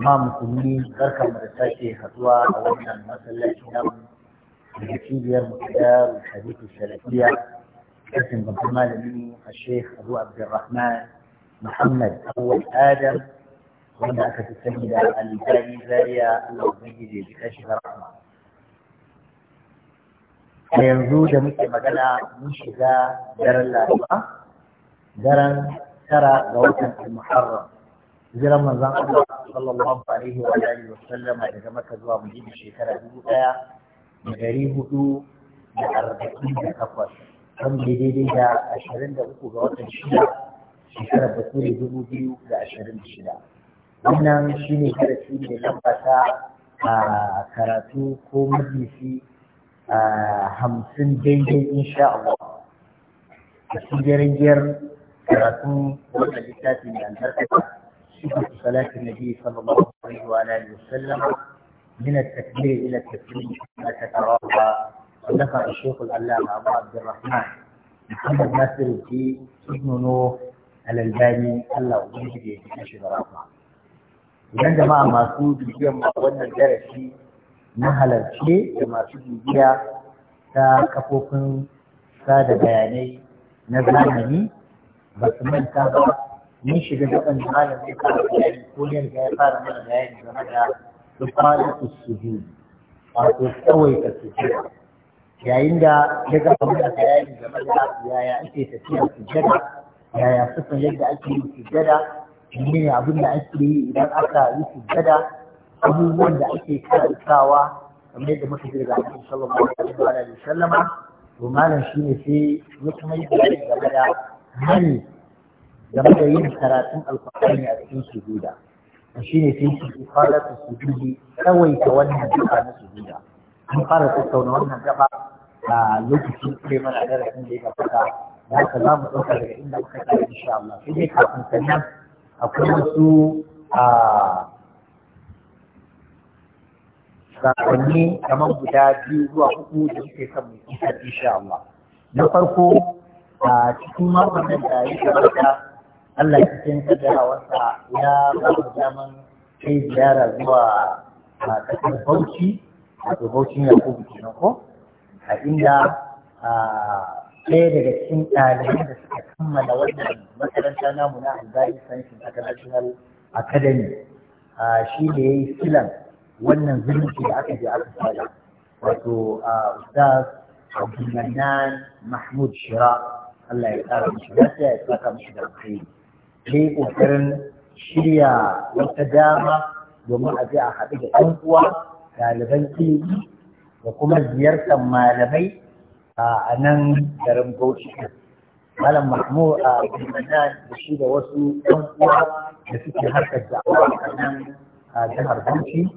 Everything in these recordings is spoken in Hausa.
kuma musulmi barkan mu da sake haduwa a wannan masallaci na da cibiyar mu da hadithu salafiya kasin babban malami a sheikh abu abdurrahman muhammad awwal adam wanda aka fi sani da al-bani zaria allah ubangiji ya ji kashi rahma a yanzu da muke magana mun shiga daren laraba daren tara ga watan al-muharram hijiran manzan Allah sallallahu alaihi wa alihi wa sallama daga Makka zuwa Madina shekara dubu ɗaya da ɗari hudu da arba'in da takwas wanda daidai da ashirin da uku ga watan shida shekarar bature dubu biyu da ashirin da shida wannan shine darasi ne lamba ta karatu ko a hamsin daidai insha Allah a cikin giyar karatun wannan littafi mai albarka صفة صلاة النبي صلى الله عليه وعلى آله وسلم من التكبير إلى التسليم كما تتراها صدق الشيخ العلامة أبو عبد الرحمن محمد ناصر الدين ابن نوح الألباني الله وبيجي يكشف رحمه idan jama'a masu bibiyan wannan darasi na halarce da masu bibiya ta kafofin sada bayanai na zamani ba su manta ba mun shiga gaban da malam zai fara bayani ko ne riga ya fara mana bayani game da lukmanin usujud wato kawai ka sujud yayin da ya gaba mana bayani game da yaya ake tafiya sujada yaya sufan yadda ake yi sujada menene abin da ake yi idan aka yi sujada abubuwan da ake karantawa kamar yadda muka jirga a cikin sallallahu alaihi wa sallama to malam shine sai ya kuma yi bayani game da game da yin karatun alkur'ani a cikin sujuda shi ne sai su fara su sujudi tsawaita wannan gaba na sujuda an fara tattauna wannan gaba a lokacin kai mana darasin da ya gabata da haka za mu ɗauka daga inda muka kai insha Allah sai dai kafin sannan akwai wasu a sakonni kamar guda biyu zuwa uku da suke son mu isar insha Allah na farko a cikin makon da ya gabata Allah cikin kaddarawarsa ya ba mu daman kai ziyara zuwa a ƙasar Bauchi wato Bauchin Yakubu kenan ko a inda ɗaya daga cikin ɗalibai da suka kammala wannan makaranta namu na Albani Science International Academy shi da ya yi filan wannan zumunci da aka je aka fara wato Ustaz Abdulmanan Mahmud Shira Allah ya tsara mishi lafiya ya saka mishi da alkhairi ka ƙoƙarin shirya wata dama domin a je a haɗu da ɗan uwa ɗaliban ilimi da kuma ziyartar malamai a nan garin Bauchi. Malam Mahmud a Bimana da shi da wasu ɗan uwa da suke harkar da'awa a nan a jihar Bauchi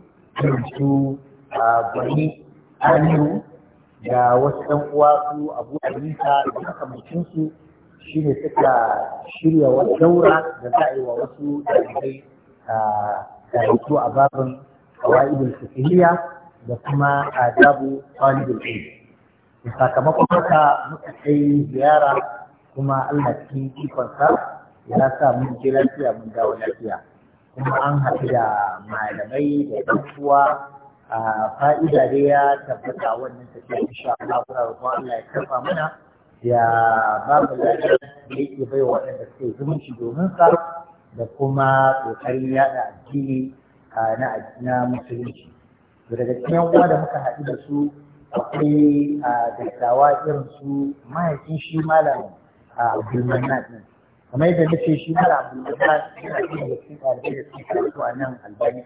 irin su Gwani Amiru da wasu ɗan uwa su Abu Anisa da makamancinsu shi ne suka shirya daura da za a yi wa wasu a karatu a babin kawa'idul fiqhiyya da kuma adabu talibul ilm da sakamakon haka muka kai ziyara kuma Allah cikin ikonsa ya sa mun je lafiya mun dawo lafiya kuma an haɗu da malamai da ɗan uwa a fa'ida dai ya tabbata wannan tafiya insha Allah kuma Allah ya karfa mana ya babu lafiyar da yake bai waɗanda suke zumunci domin sa da kuma ƙoƙarin yaɗa addini na na musulunci to daga cikin uwa da muka haɗu da su akwai dattawa irin su mahaifin shi malam abdulmanan ne. kamar yadda na ce shi malam abdulmanan yana cikin da cikin ɗalibai da suke karatu a nan albani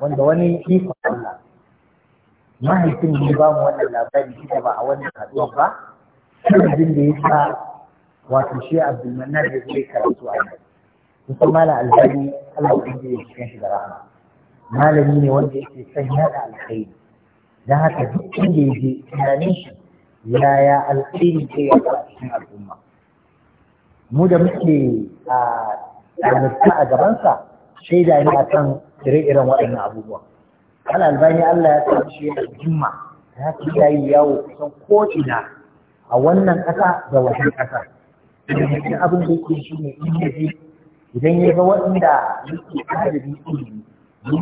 wanda wani ikon Allah mahaifin ne ba mu wannan labarin shi ba a wannan haɗuwar ba abin da ya sa wato shi abdulmanar ya zai karatu a nan kusan mala alfari allah ya ya cikin shi da rahama malami ne wanda yake son yada alkhairi don haka duk inda ya je tunanin shi yaya alkhairi ke ya a cikin al'umma mu da muke a ɗalibta a gabansa shaida ne akan ire-iren waɗannan abubuwa ala albani allah ya sa shi yana jimma ta haka yayi yawo kusan ko'ina a wannan ƙasa da wajen ƙasa cikin abin da yake shi ne in idan ya ga wanda yake adadin ilimi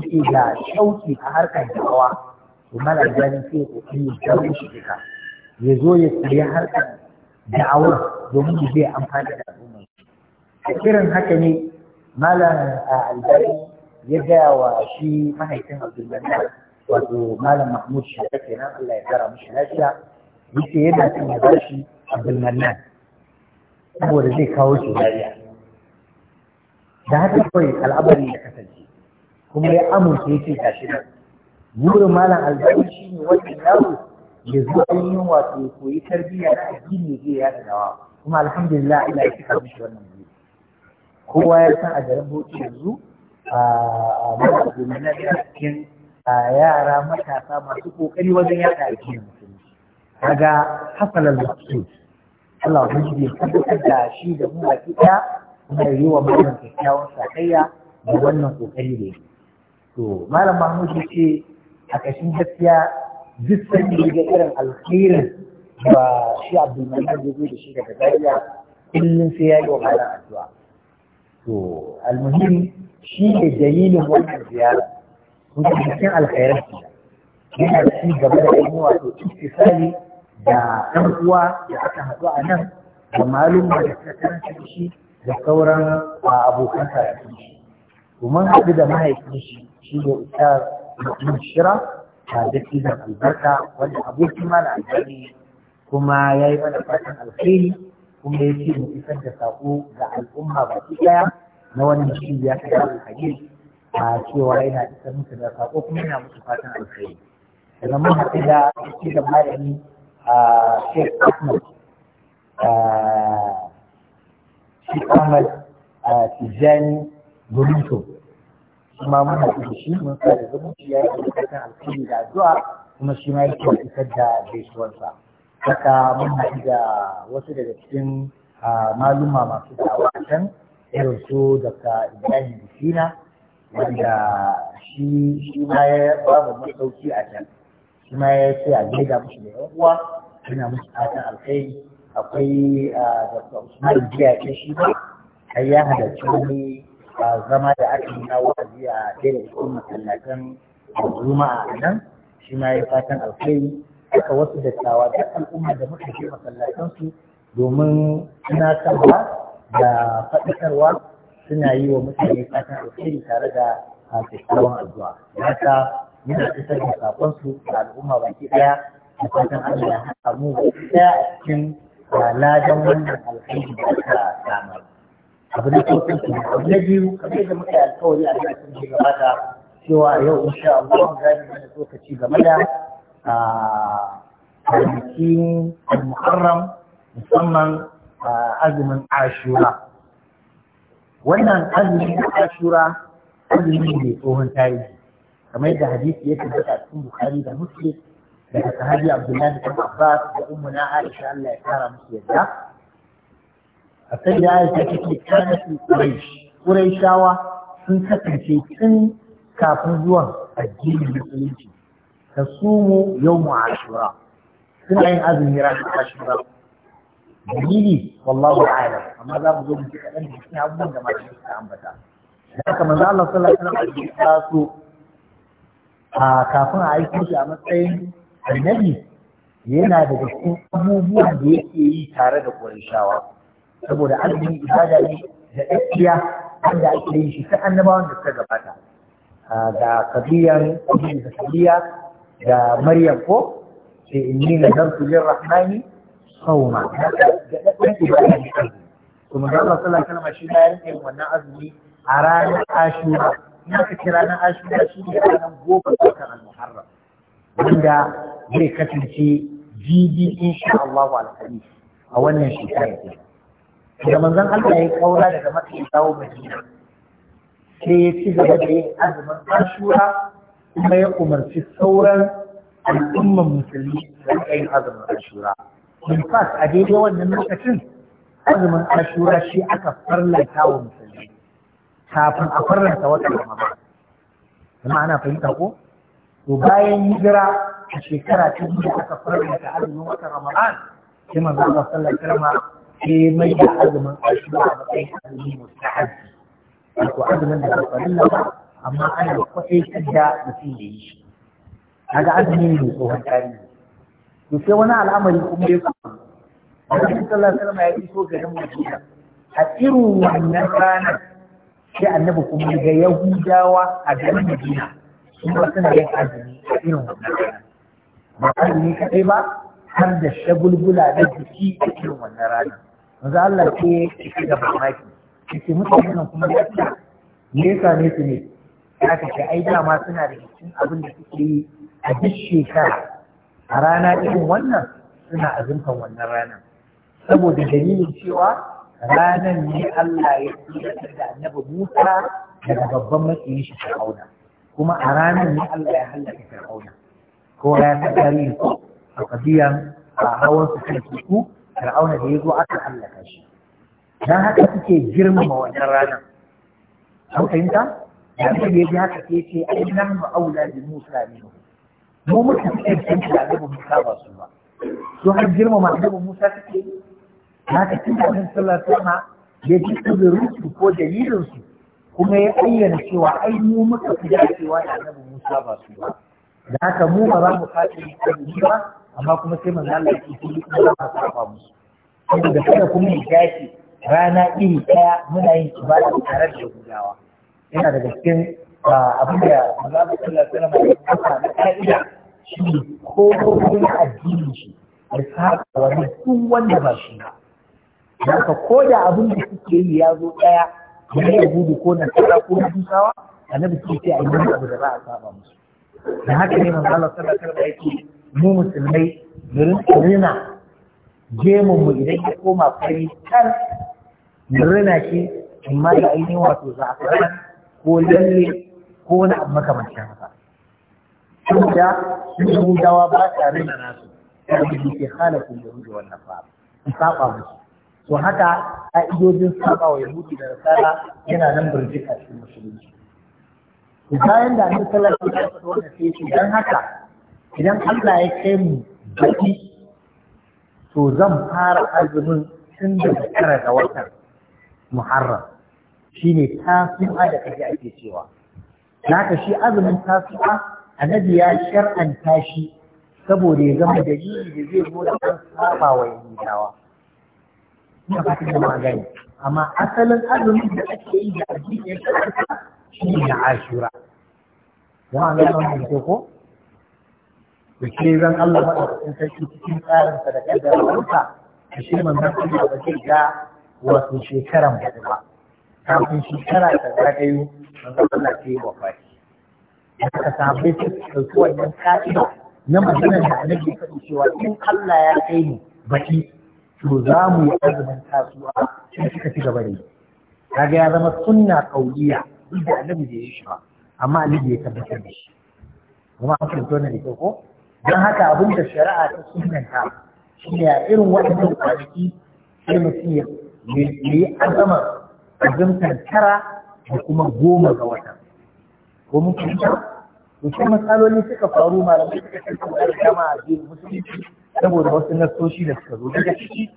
yake da shauki a harkar da'awa to mala gani sai kokari ya jawo shi duka ya zo ya koyi harkar da'awar domin ya zai amfani da al'umma a kiran haka ne malam albani ya gaya wa shi mahaifin abdullahi wato malam mahmud shafi kenan allah ya gara mashi lafiya yace yana son ya bashi nan. saboda zai kawo shi lafiya da haka kawai al'abari ya kasance kuma ya amince yake tashi nan burin malam albani shi ne wannan yaro ya zo ainihin wato ya koyi tarbiyya na addini zai ya da dawa kuma alhamdulillah ina yake kika shi wannan buri kowa ya san a garin bauchi yanzu a mana abu na cikin yara matasa masu kokari wajen yaɗa addini kaga hasan al-maqsud Allah ubangiji ya tabbatar da shi da mu baki daya kuma yi wa malam kyakkyawan sakayya da wannan kokari da yake to malam mahmud ce a kashin gaskiya duk sani ga irin alkhairin ba shi abdul malik ya zo da shi daga zariya kullum sai ya yi wa malam addu'a to almuhim shi ne dalilin wannan ziyara kun ga cikin alkhairar yana ci gaba da yin wato istisali da ɗan uwa da aka haɗu a nan da malum da ta karanta shi da sauran abokan karatun shi Kuma haɗu da mahaifin shi shi ne ustaz Muhammad Shira da dattijan albarka wanda abokin mana albarki kuma ya yi mana fatan alkhairi kuma ya ce mu isar da saƙo ga al'umma baki ɗaya na wannan shi ya ta kawo hadisi a cewa yana isar musu da saƙo kuma yana musu fatan alkhairi daga mun haɗu da da malami Sheikh Ahmad Sheikh Ahmad Tijjani Guruto kuma muna da shi mun sa da zumunci ya yi da alkhairi da addu'a kuma shi ma yake isar da gaisuwarsa haka mun haɗu da wasu daga cikin maluma masu da'awa can irin su daga Ibrahim Bisina wanda shi shi ma ya ba mu masauki a can shi ya ce a gaida musu da uwa suna musu fatan alkhairi akwai ah, da usman jiya ke shi ba kai ya halarci wani ah, zama da aka yi na wa'azi a ɗaya da cikin masallatan juma'a a nan shi ma ya fatan alkhairi haka wasu dattawa duk al'umma da muka je masallatansu domin tunatarwa da faɗakarwa suna yi wa mutane fatan alkhairi tare da ah, kyakkyawan addu'a. yana isar da sakonsu da al'umma baki ɗaya a fatan Allah ya haɗa mu ɗaya a cikin ladan wannan alkhairi da aka samar. abu na su ke abu na biyu kamar da muka yi alkawari a cikin shi gaba da cewa yau insha Allah mu mu mana lokaci game da kwanakin muharram musamman azumin Ashura wannan azumin Ashura azumin ne tsohon tarihi kamar da hadisi ya tabbata cikin Bukhari da Muslim daga sahabi Abdullahi bin Abbas da ummu na Aisha Allah ya kara musu yadda a sai da Aisha take kana su Quraysh Qurayshawa sun kasance tun kafin zuwan addinin musulunci tasumu yawmu ashura suna yin azumi ranar ashura dalili wallahu a'lam amma za mu zo mu ji kaɗan da cikin abubuwan da malamai suka ambata da haka manzo Allah sallallahu alaihi wasallam a kafin a aiki shi a matsayin annabi yana da cikin abubuwan da yake yi tare da ƙurayshawa saboda azumi ibada ne da gaskiya wanda ake yin shi ta annabawan da suka gabata da kabiyan da kabiya da maryam ko Sai in ce inni rahmani sau ma ga ɗan ibada ne kuma da Allah sallallahu alaihi shi ya rinke wannan azumi a ranar Ashura in aka ranar ashura shi ne ranar goma ga muharram wanda zai kasance jibi insha Allahu al a wannan shekara ce da manzon Allah ya kaura daga Makka ya dawo Madina sai ya ci gaba da yin azumin ashura kuma ya umarci sauran al'umman musulmi da yin azumin ashura in fact a daidai wannan lokacin azumin ashura shi aka farlanta wa musulmi kafin a farlanta watan Ramadan kuma ana fahimta ko to bayan hijira a shekara ta biyu aka farlanta azumin watan Ramadan sai manzo Allah sallallahu alaihi wasallam sai mai da azumin ashura a matsayin azumi mustahabbi wato azumin da ba farilla ba amma ana kwaɗaitar da mutum da yi shi kaga azumi ne mai tsohon tarihi to sai wani al'amari kuma ya faru Annabi sallallahu alaihi wasallam ya iso garin Madina a irin wannan ranar sai annabi kuma ga yahudawa a garin madina sun ba suna yin azumi a irin wannan rana. ba azumi kaɗai ba har da shagulgula na jiki a irin wannan rana yanzu Allah ke ya da mamaki cike mutane nan kuma ya ce nesa ne su ne ya kace ai dama suna da cikin abin da suke yi a duk shekara a rana irin wannan suna azumtan wannan rana saboda dalilin cewa ranar ne Allah ya tsira da annabi Musa daga babban matsayin shi Fir'auna kuma a ranar ne Allah ya halaka Fir'auna ko ya ta a kabiyan, a hawan su kan tuku Fir'auna da ya aka halaka shi dan haka suke girmama wannan rana an fahimta da ya haka sai ce ai nan ba aula bi Musa ne mu muka tsaya da annabi Musa ba su ba to har girmama annabi Musa suke haka tun da annabi ya ji uzurinsu ko dalilinsu kuma ya ayyana cewa ai mu muka fi dacewa da annabi Musa ba su ba da haka mu ba za mu kace annabi ba amma kuma sai manzo Allah ya ce ni kuma ba ka ba musu saboda kada kuma ya dace rana iri daya muna yin ibada tare da gudawa? yana daga cikin ah, abin da manzo Allah sallallahu alaihi wasallam ya ka'ida shi ko kuma addini shi ya saka wani duk wanda ba shi ba haka ko da abin da suke yi ya zo ɗaya ya gudu ko na tara ko na dusawa annabi sun ce a yi abu da za a saba musu da haka ne manzo Allah sallallahu alaihi wasallam yake mu musulmai mu rina jemu mu idan ya koma fari kan mu rina shi amma da ainihin wato za'afaran ko lalle ko wani abu makamancin haka tunda yahudawa ba sa rina nasu sai ke halakun yahudu wannan fa saba musu to haka ka'idojin saba wa yahudi da nasara yana nan birjika cikin musulunci bayan da annabi sallallahu alaihi wasallam wannan sai ce dan haka idan Allah ya kai mu baki to zan fara azumin tun daga tara ga watan Muharram shine tasu'a da kaje ake cewa naka shi azumin tasu'a annabi ya shar'anta shi saboda ya zama dalili da zai zo da an saba wa yahudawa ina fatan da ma gani amma asalin azumin da ake yi da addini ya karanta shi ne ashura jama'a ga wannan da ko da ke zan Allah maɗaukakin sarki cikin tsarinsa da ƙaddararsa da shi zan Allah da zai ga wasu shekaran baɗi ba kafin shekara ta zagayo manzan Allah ce wa fashi da aka sabai su ɗauki wannan ka'ida na magana da annabi faɗi cewa in Allah ya kai ni baɗi to za mu yi azumin kasuwa sai suka ci gaba da yi kaga ya zama sunna kauliya duk da annabi da ya shi ba amma annabi ya tabbatar da shi kuma an fahimta da kyau ko don haka abin da shari'a ta sunanta shine a irin waɗannan kwanaki sai mutum ya yi azama azumtar tara da kuma goma ga wata ko mutum fahimta to sai matsaloli suka faru malamai suka kai kuma da dama musulunci saboda wasu nasoshi da suka zo daga ciki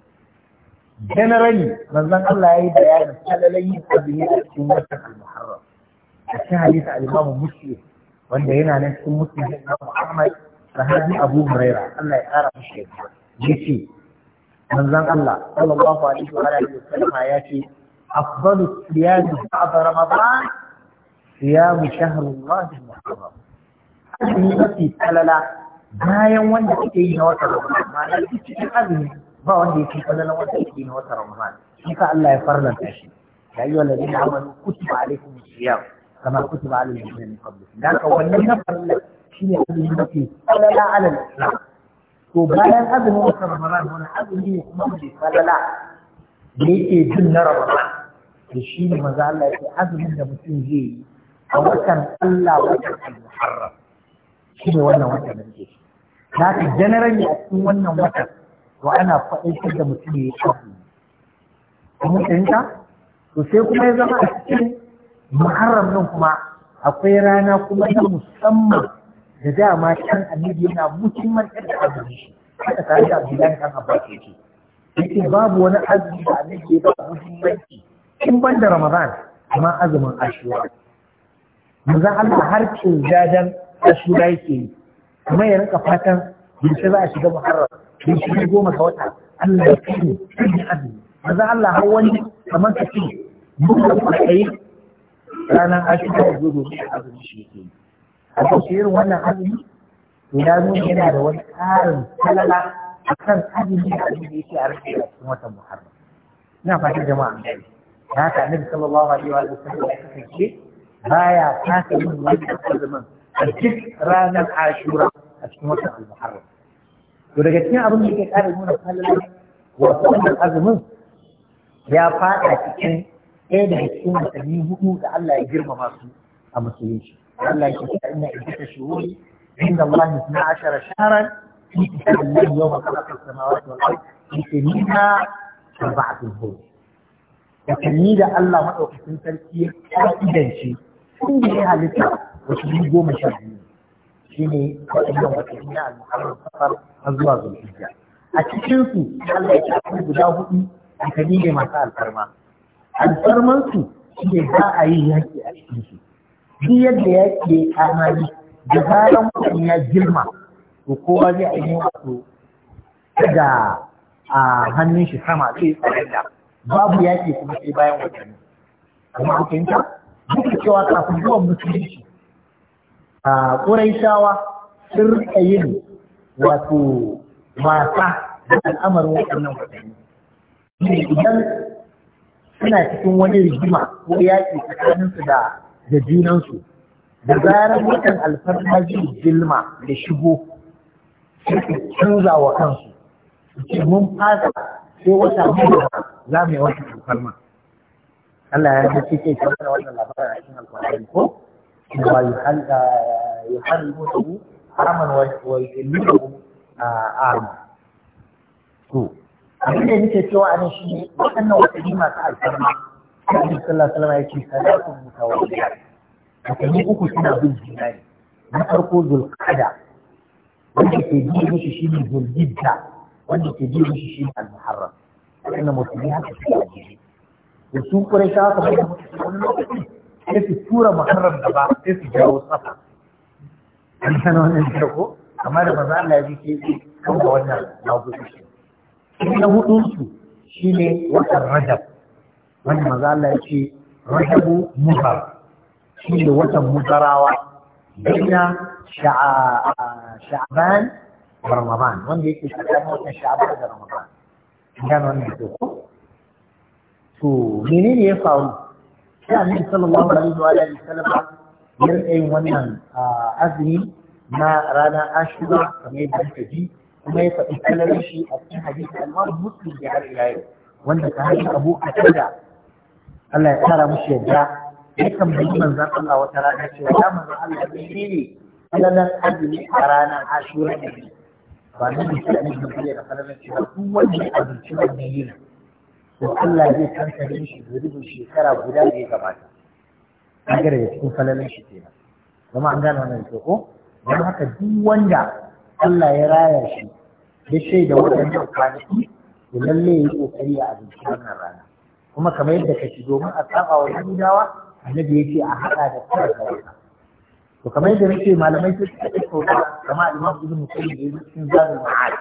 generally manzon Allah ya yi bayanin salalai yin ne a cikin watan al-muharram a cikin hadisi al-imam muslim wanda yana nan cikin muslim da imam ahmad sahabi abu huraira Allah ya kara mishi yarda yace manzon Allah sallallahu alaihi wa alihi wasallam ya ce afdalu siyam ba'da ramadan siyam shahr Allah al-muharram azumi mafi salala bayan wanda kake yi na watan Ramadan ma'ana cikin azumi ba wanda ya yake kallon wanda kake yi na watan Ramadan shi ka Allah ya farlanta shi ya yi wanda zai amalu kutiba alaikum siyam kama kutiba alal ladina min qablikum dan ka wannan na farla shine azumi mafi falala alal islam to bayan azumin watan Ramadan wani azumi ne kuma mafi falala da yake jin na Ramadan da shi ne maza Allah ya ce azumin da mutum zai yi a watan Allah watan al-Muharram shi ne wannan watan da yake za ka generally a cikin wannan watan to ana faɗaitar da mutum ya yi azumi kuma to sai kuma ya zama a cikin muharram nan kuma akwai rana kuma ta musamman da dama can annabi yana muhimmantar da azumi shi haka tare da abdullahi kan abbas yake yake babu wani azumi da annabi ya ba muhimmanci in ban da ramadan amma azumin ashura manzon Allah har cin jajen ashura yake yi kuma ya rinka fatan yaushe za a shiga muharram yaushe ne goma ga wata Allah ya kai ne sai azumi maza Allah har wani kamar ka ce ka kai ranar ashira ya zo domin azumi shi ke yi a kashe irin wannan azumi to ya nuna yana da wani ƙarin talala a kan azumi da abin da yake a rufe a cikin watan muharram ina fatan jama'a an gani da haka annabi sallallahu alaihi wa sallam ya kasance baya kasa yin wannan azumin a duk ranar ashura a cikin watan al-muharram to daga cikin abin da ke kare nuna halin wato wannan azumin ya fada cikin ɗaya daga cikin watanni hudu da Allah ya girmama su a musulunci Allah ya ce inna iddata shuhuri inda Allah ya suna ashara sharan fi kitabillah yawma khalaqa as-samawati wal ard fi sinina arba'atul hur watanni da Allah madaukakin sarki ya ka'idance tun da ya halitta watanni goma sha biyu shi ne waɗannan watanni na al'amuran safar har zuwa zulhijja a cikinsu Allah ya tafi guda hudu watanni ne masu alfarma Alfarmansu shi ne za a yi yaƙi a cikinsu. su duk yadda yaƙi ya kamari da zaran mutum ya girma to kowa zai ainihin wato daga a hannun shi sama sai tsaranda babu yaƙi kuma sai bayan watanni kuma ku fahimta duk da cewa kafin zuwan musulunci a ƙuraishawa sun rika yin wato wasa da al'amarin waɗannan wasanni idan suna cikin wani rigima ko yaƙi tsakaninsu da da junansu da zarar watan alfarma zai jilma da shigo sai canza wa kansu ce mun fasa sai wata mutuwa za mu yi wata alfarma Allah ya ce ke kamar wannan labarin a cikin alfarma ko ويحرمونه حرما ويحلونه أعلم to abin da nake cewa a nan shi ne waɗannan watanni masu alfarma Annabi sallallahu alaihi wasallam yake salatun mutawalliya watanni uku suna bin juna ne na farko zulqa'da wanda ke biye mishi shi ne zulhijja wanda ke biye mishi shi ne al-muharram waɗannan haka suke a jere da su kurai shawa kamar da wani lokaci sai su tura muharram da ba sai su jawo safa an san wannan da ko amma da maza Allah ya ji ke kan ga wannan nagudu shi na hudu su shine watan rajab Wani maza Allah ya ce rajabu Shi ne watan mudarawa baina sha'ban da ramadan wanda yake tsakanin watan sha'ban da ramadan an gano wannan da ko to menene ya faru sai annabi sallallahu alaihi wa alihi wasallam ya rika yin wannan azumi na ranar ashura kamar yadda muka ji kuma ya faɗi kalarin shi a cikin hadisi amma muslim ya har ila yau wanda ta hanyar abu a da Allah ya kara mushi yadda ya tambayi manzan Allah wata rana cewa ya manzan Allah ne ne kalalar azumi a ranar ashura ne ba nan da shi a cikin da kalalar cewa duk wanda ya azumci wannan yin to Allah zai kankare shi zurubin shekara guda da ya gabata an gare da cikin falalin shi nan. Zama an gane wannan ko don haka duk wanda Allah ya raya shi ya shaida waɗannan kwanaki to lalle ya yi ƙoƙari a abinci wannan rana kuma kamar yadda ka ci domin a saba wa Yahudawa annabi yace a haɗa da kuma da wata to kamar yadda nake malamai su suka tattauna kamar Imam Ibn Qayyim da yake cikin Zadul Ma'ad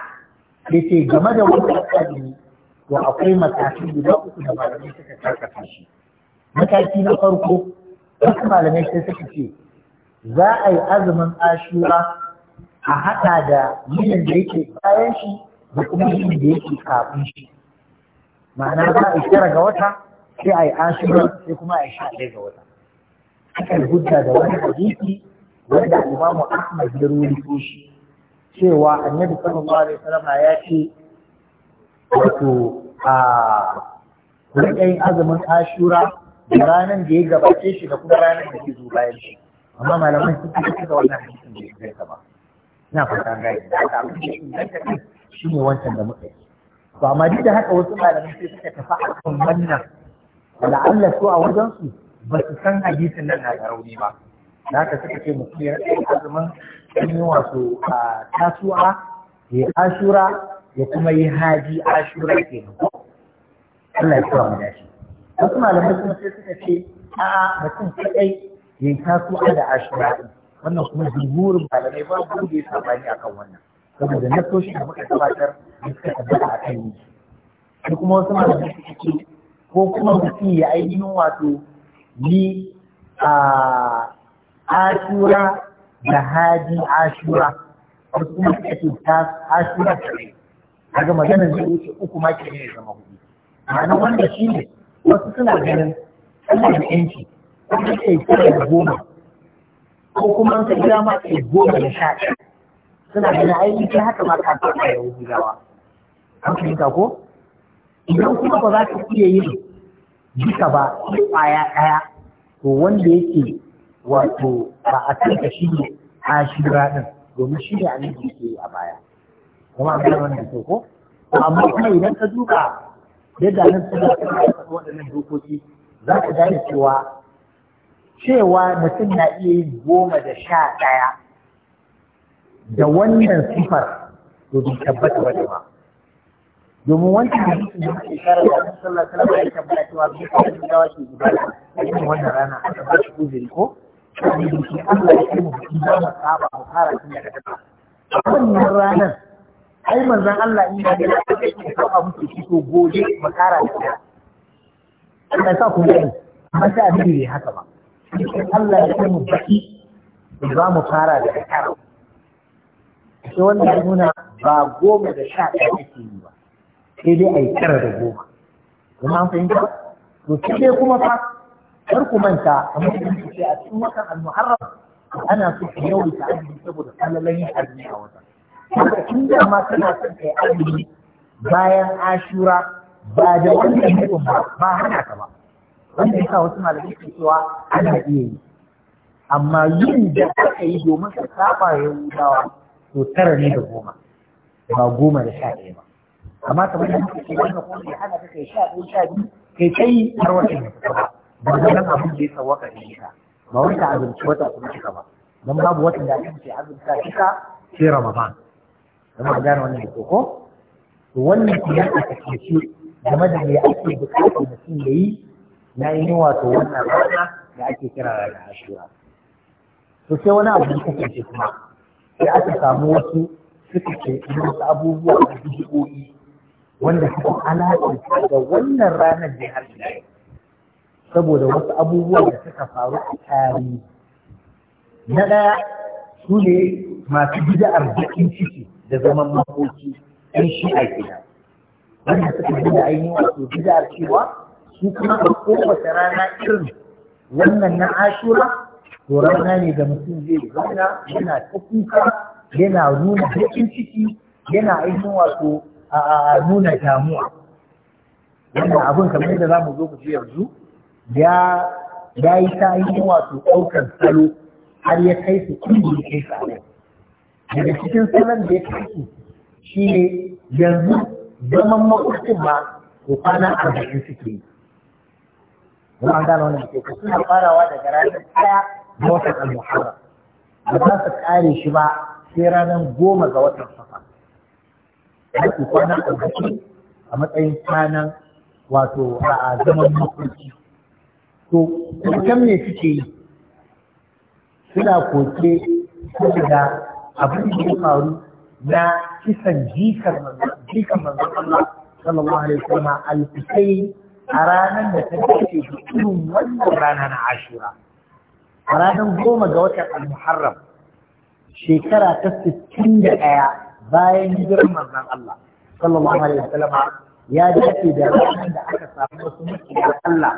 ce game da wani ƙasa ne to akwai da guda uku da malamai suka karkata shi mataki na farko wasu malamai sai suka ce za a yi azumin ashura a haɗa da yin da yake bayan shi da kuma yin da yake kafin shi ma'ana za a yi ga wata sai a yi ashura sai kuma a yi sha ɗaya ga wata haka hujja da wani hadisi wanda imamu Ahmad ya rubuto shi cewa Annabi sallallahu alaihi wasallam ya ce wato a rikayin azumin ashura da ranar da ya gabace shi da kuma ranar da ke zo bayan shi amma malaman sun fi suka wannan hadisin da ya gaisa ba ina fata gani da aka abin da inganta ne shi ne wancan da muka yi to amma duk da haka wasu malamai sai suka tafi a kan wannan la'alla su a wajensu ba su san hadisin nan na da rauni ba da haka suka ce mutum ya rikayin azumin sun yi wato a tasuwa ya ashura ya kuma yi haji ashura ke Allah ya kawo mu dace wasu malamai kuma sai suka ce a mutum kadai ya yi tasowa da ashura wannan kuma jumhurin malamai ba ku da ya sabani akan wannan saboda na soshi da muka gabatar da suka tabbata a kan yi sai kuma wasu malamai suka ce ko kuma mutum ya ainihin wato yi a ashura da haji ashura wasu kuma suka ce ta ashura da rai kaga maganar zai wuce uku ma ke ne zama hudu ma'ana wanda shi ne wasu suna ganin ana da yanci wanda ke kare da goma ko kuma ka kira ma ke goma da sha suna ganin ai yi haka ma ka kira da yahudawa an yi ko idan kuma ba za ka iya yin duka ba kwaya ɗaya to wanda yake wato ba a kan ka shi ne ashira ɗin domin shi ne a da yake a baya kuma an gane wannan da ko amma kuma idan ka duka yadda nan suna da waɗannan dokoki za ka gane cewa cewa mutum na iya yin goma da sha ɗaya da wannan sifar to bai tabbata ba ba domin wancan hadisin da muke shara da annabi sallallahu alaihi wasallam ya tabbata cewa bai kai da wasu ibada a cikin wannan rana a ba shi uzuri ko shi Allah ya kai mu bikin zama saba mu fara tun daga wannan ranar ai manzon Allah in ya ga da kake so abu ki so goje makara da Allah sa ku gani amma sai abin ne haka ba Allah ya mu baki za mu fara da kara shi wannan ya nuna ba goma da sha ɗaya ake yi ba sai dai a yi tara da goma kuma an fahimta to sai dai kuma fa kar ku manta a mutum ce a cikin watan al-muharram ana so ku yawaita azumi saboda sallalan yin azumi a watan haka tun da ma suna son kai azumi bayan ashura ba da wannan nufin ba ba hana ka ba wanda yasa wasu malamai ke cewa ana iya yi amma yin da aka yi domin ka saba ya wudawa to tara ne da goma ba goma da sha ɗaya ba amma kamar yadda muke ce wannan kuma ya hana kai sha ɗaya sha biyu kai kai har wata ne ba ba wannan abin da ya sawaka da ita ba wanda abinci wata kuma kika ba dan babu wata da ake azumta cika sai ramadan zama gane wannan da ko wannan kenan a takaice game da me ake bukatar mutum ya yi na yi wato wannan rana da ake kira rana ashura to sai wani abu ya kasance kuma sai aka samu wasu suka ce wasu abubuwa da bidiyoyi wanda suka alaƙa da wannan ranar da har saboda wasu abubuwa da suka faru a tarihi na ɗaya su ne masu bida'ar baƙin ciki da zaman makoki ɗan shi a gida wanda suka yi da ainihin wato a cewa su kuma a kowace rana irin wannan na ashura to rana ne da mutum zai zauna yana ta kuka yana nuna baƙin ciki yana ainihin wato a nuna damuwa wannan abin kamar yadda za mu zo ku yanzu ya ya yi ta ainihin wato ɗaukar salo har ya kai su inda kai su daga cikin salon da ya tashi shi ne yanzu zaman makwabcin ma ko kwana arba'in suke yi Wani an gano wani ke suna farawa daga ranar ɗaya ga watan al-muharram ba za su kare shi ba sai ranar goma ga watan safa Ya su kwana arba'in a matsayin kwanan wato a zaman makwabci to kan me suke yi suna koke saboda abin da ya faru na kisan jikar jikan manzon Allah sallallahu alaihi wasallam al-Husayn a ranar da ta dace da irin wannan rana na Ashura a ranar goma ga watan Al-Muharram shekara ta 61 bayan hijirar manzon Allah sallallahu alaihi wasallam ya dace da ranar da aka samu wasu mutane Allah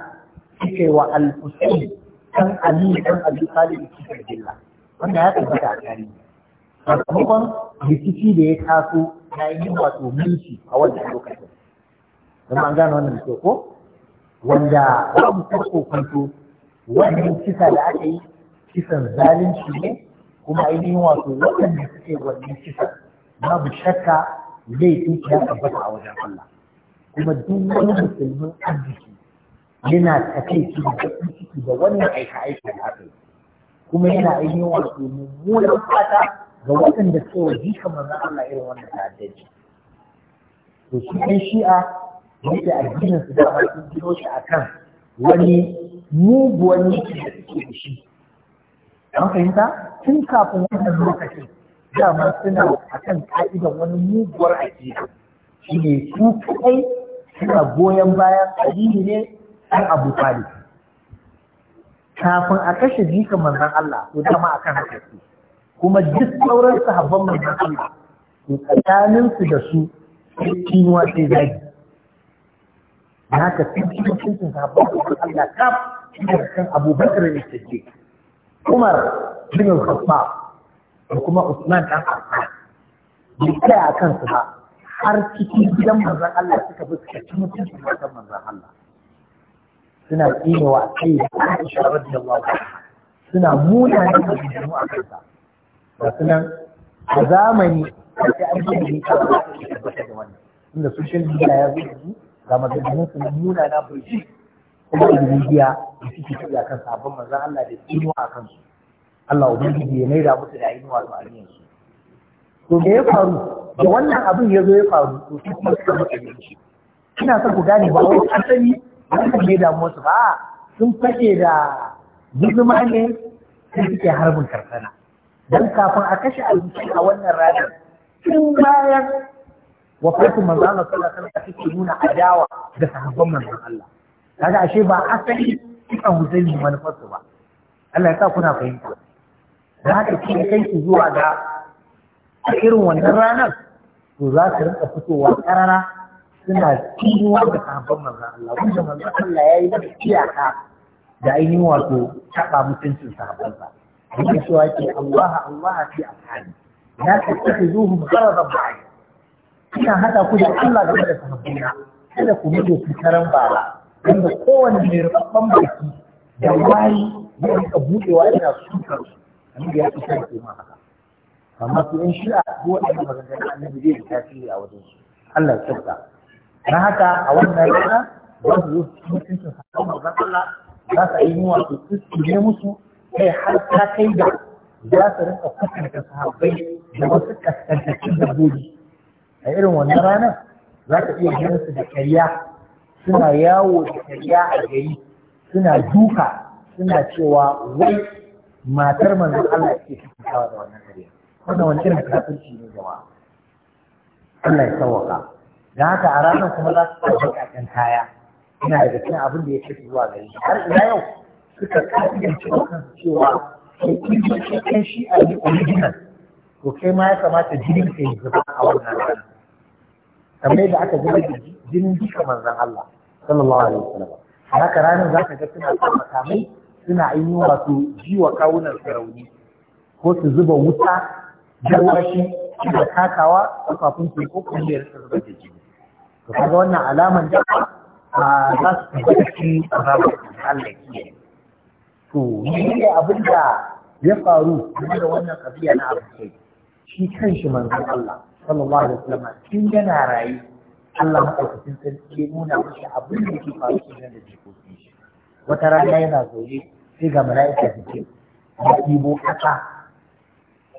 suke wa al-Husayn kan Ali dan Abi Talib cikin jilla wanda ya tabbata a tarihi sakamakon rikici da ya taso na yi wato mulki a wannan lokacin don an gane wannan soko, wanda wanda babu farko kwanto wannan kisa da aka yi kisan zalunci ne kuma ainihin wato da suke wannan kisan babu shakka laifin ya tabbata a wajen Allah kuma duk wani musulmin arziki yana shi da baƙin ciki da wannan aika aiki da aka yi kuma yana ainihin wato mummunan fata ga waɗanda suka waje jika manzan Allah irin wannan ta'addanci to shi ɗan shi'a yake addinin su dama sun jiro shi akan wani muguwan yake da suke da shi an fahimta tun kafin wannan lokacin dama suna akan ka'idan wani muguwar aƙida shi ne su kaɗai suna goyon bayan aliyu ne ɗan abu talib kafin a kashe jikin manzan Allah ko dama akan haka kuma duk sauran sahabban manzon Allah to tsakanin su da su cikin sai zagi da haka sun cikin mutuncin sahabban manzon Allah kaf da kan Abu Bakar ne take Umar bin Khattab da kuma Usman dan Affan bai kai a kansu ba har cikin gidan manzon Allah suka fi suka ci mutuncin manzon Allah suna tsinewa a kai da Aisha radiyallahu anha suna muna da a kansa ga sunan a zamani a ce an gina ne kawai ba ta tabbata da wannan inda social media ya zo yanzu ga maganganun su nuna na burji kuma da media da suke tafiya kan sabon maza, Allah da tsino a kansu Allah ubangiji ya maida musu da ainihin wasu a su to me ya faru da wannan abin ya zo ya faru to su kuma suka mutu da shi ina son ku gane ba wani asali ba ne musu ba sun fashe da gizuma ne sai suke harbin karsana don kafin a kashe abinci a wannan ranar tun bayan wafatin manzo Allah sallallahu alaihi wasallam nuna adawa da sahabban manzon Allah kaga ashe ba asali kitan Husaini manufarsu ba Allah ya sa kuna fahimta da haka kai kanki zuwa ga irin wannan ranar to za ka rinka fitowa karara suna tsinuwa da sahabban manzon Allah wanda manzon Allah ya yi mata iyaka da ainihin wato taɓa mutuncin sahabbansa. Allah cewa ke Allah Allah fi afhali la tattakhiduhum gharadan ba'i ina hada ku da Allah game da sahabbina kada ku mu da karan bara wanda kowanne mai rubabban baki da wari ya rika budewa ina sukar su annabi ya fitar da ma haka amma su in shi'a ko wanda maganganun annabi zai tasiri a wajen su Allah ya tsauka na haka a wannan rana za su zo su mutuncin sahabban Allah za su yi muwa su ne musu kai har ta kai da za su rinka kwatanta sahabbai da wasu kaskantaccen dabbobi a irin wannan ranar za ka iya ganin su da karya suna yawo da karya a gari suna duka suna cewa wai matar manzon Allah ke kawo da wannan karya wannan wani irin kafirci ne jama'a Allah ya sauka, da haka a ranar kuma za su ɗauki kayan kaya ina daga cikin abin da ya fi zuwa gari har ina yau suka kasance akan cewa kai kuma kai kan shi a yi original to kai ma ya kamata jinin ka yi zuba a wannan rana kamar yadda aka zuba da jinin duka manzon Allah sallallahu alaihi wasallam haka ranar za ka ga suna sa makamai suna ainihin wato wa kawunan sarauni ko su zuba wuta garwashi da takawa kafafun su ko kuma ya rika zuba da jini to kaga wannan alaman da za su tabbata cikin azabar Allah kiyaye to ne abin da ya faru game da wannan kafiya na abu shi kan shi manzon Allah sallallahu alaihi wasallam tun yana rayu Allah madaukakin sarki ya nuna mashi abin da ke faru cikin da jikokin shi wata rana yana zaune sai ga mala'ika su ce ya ɗibo ƙasa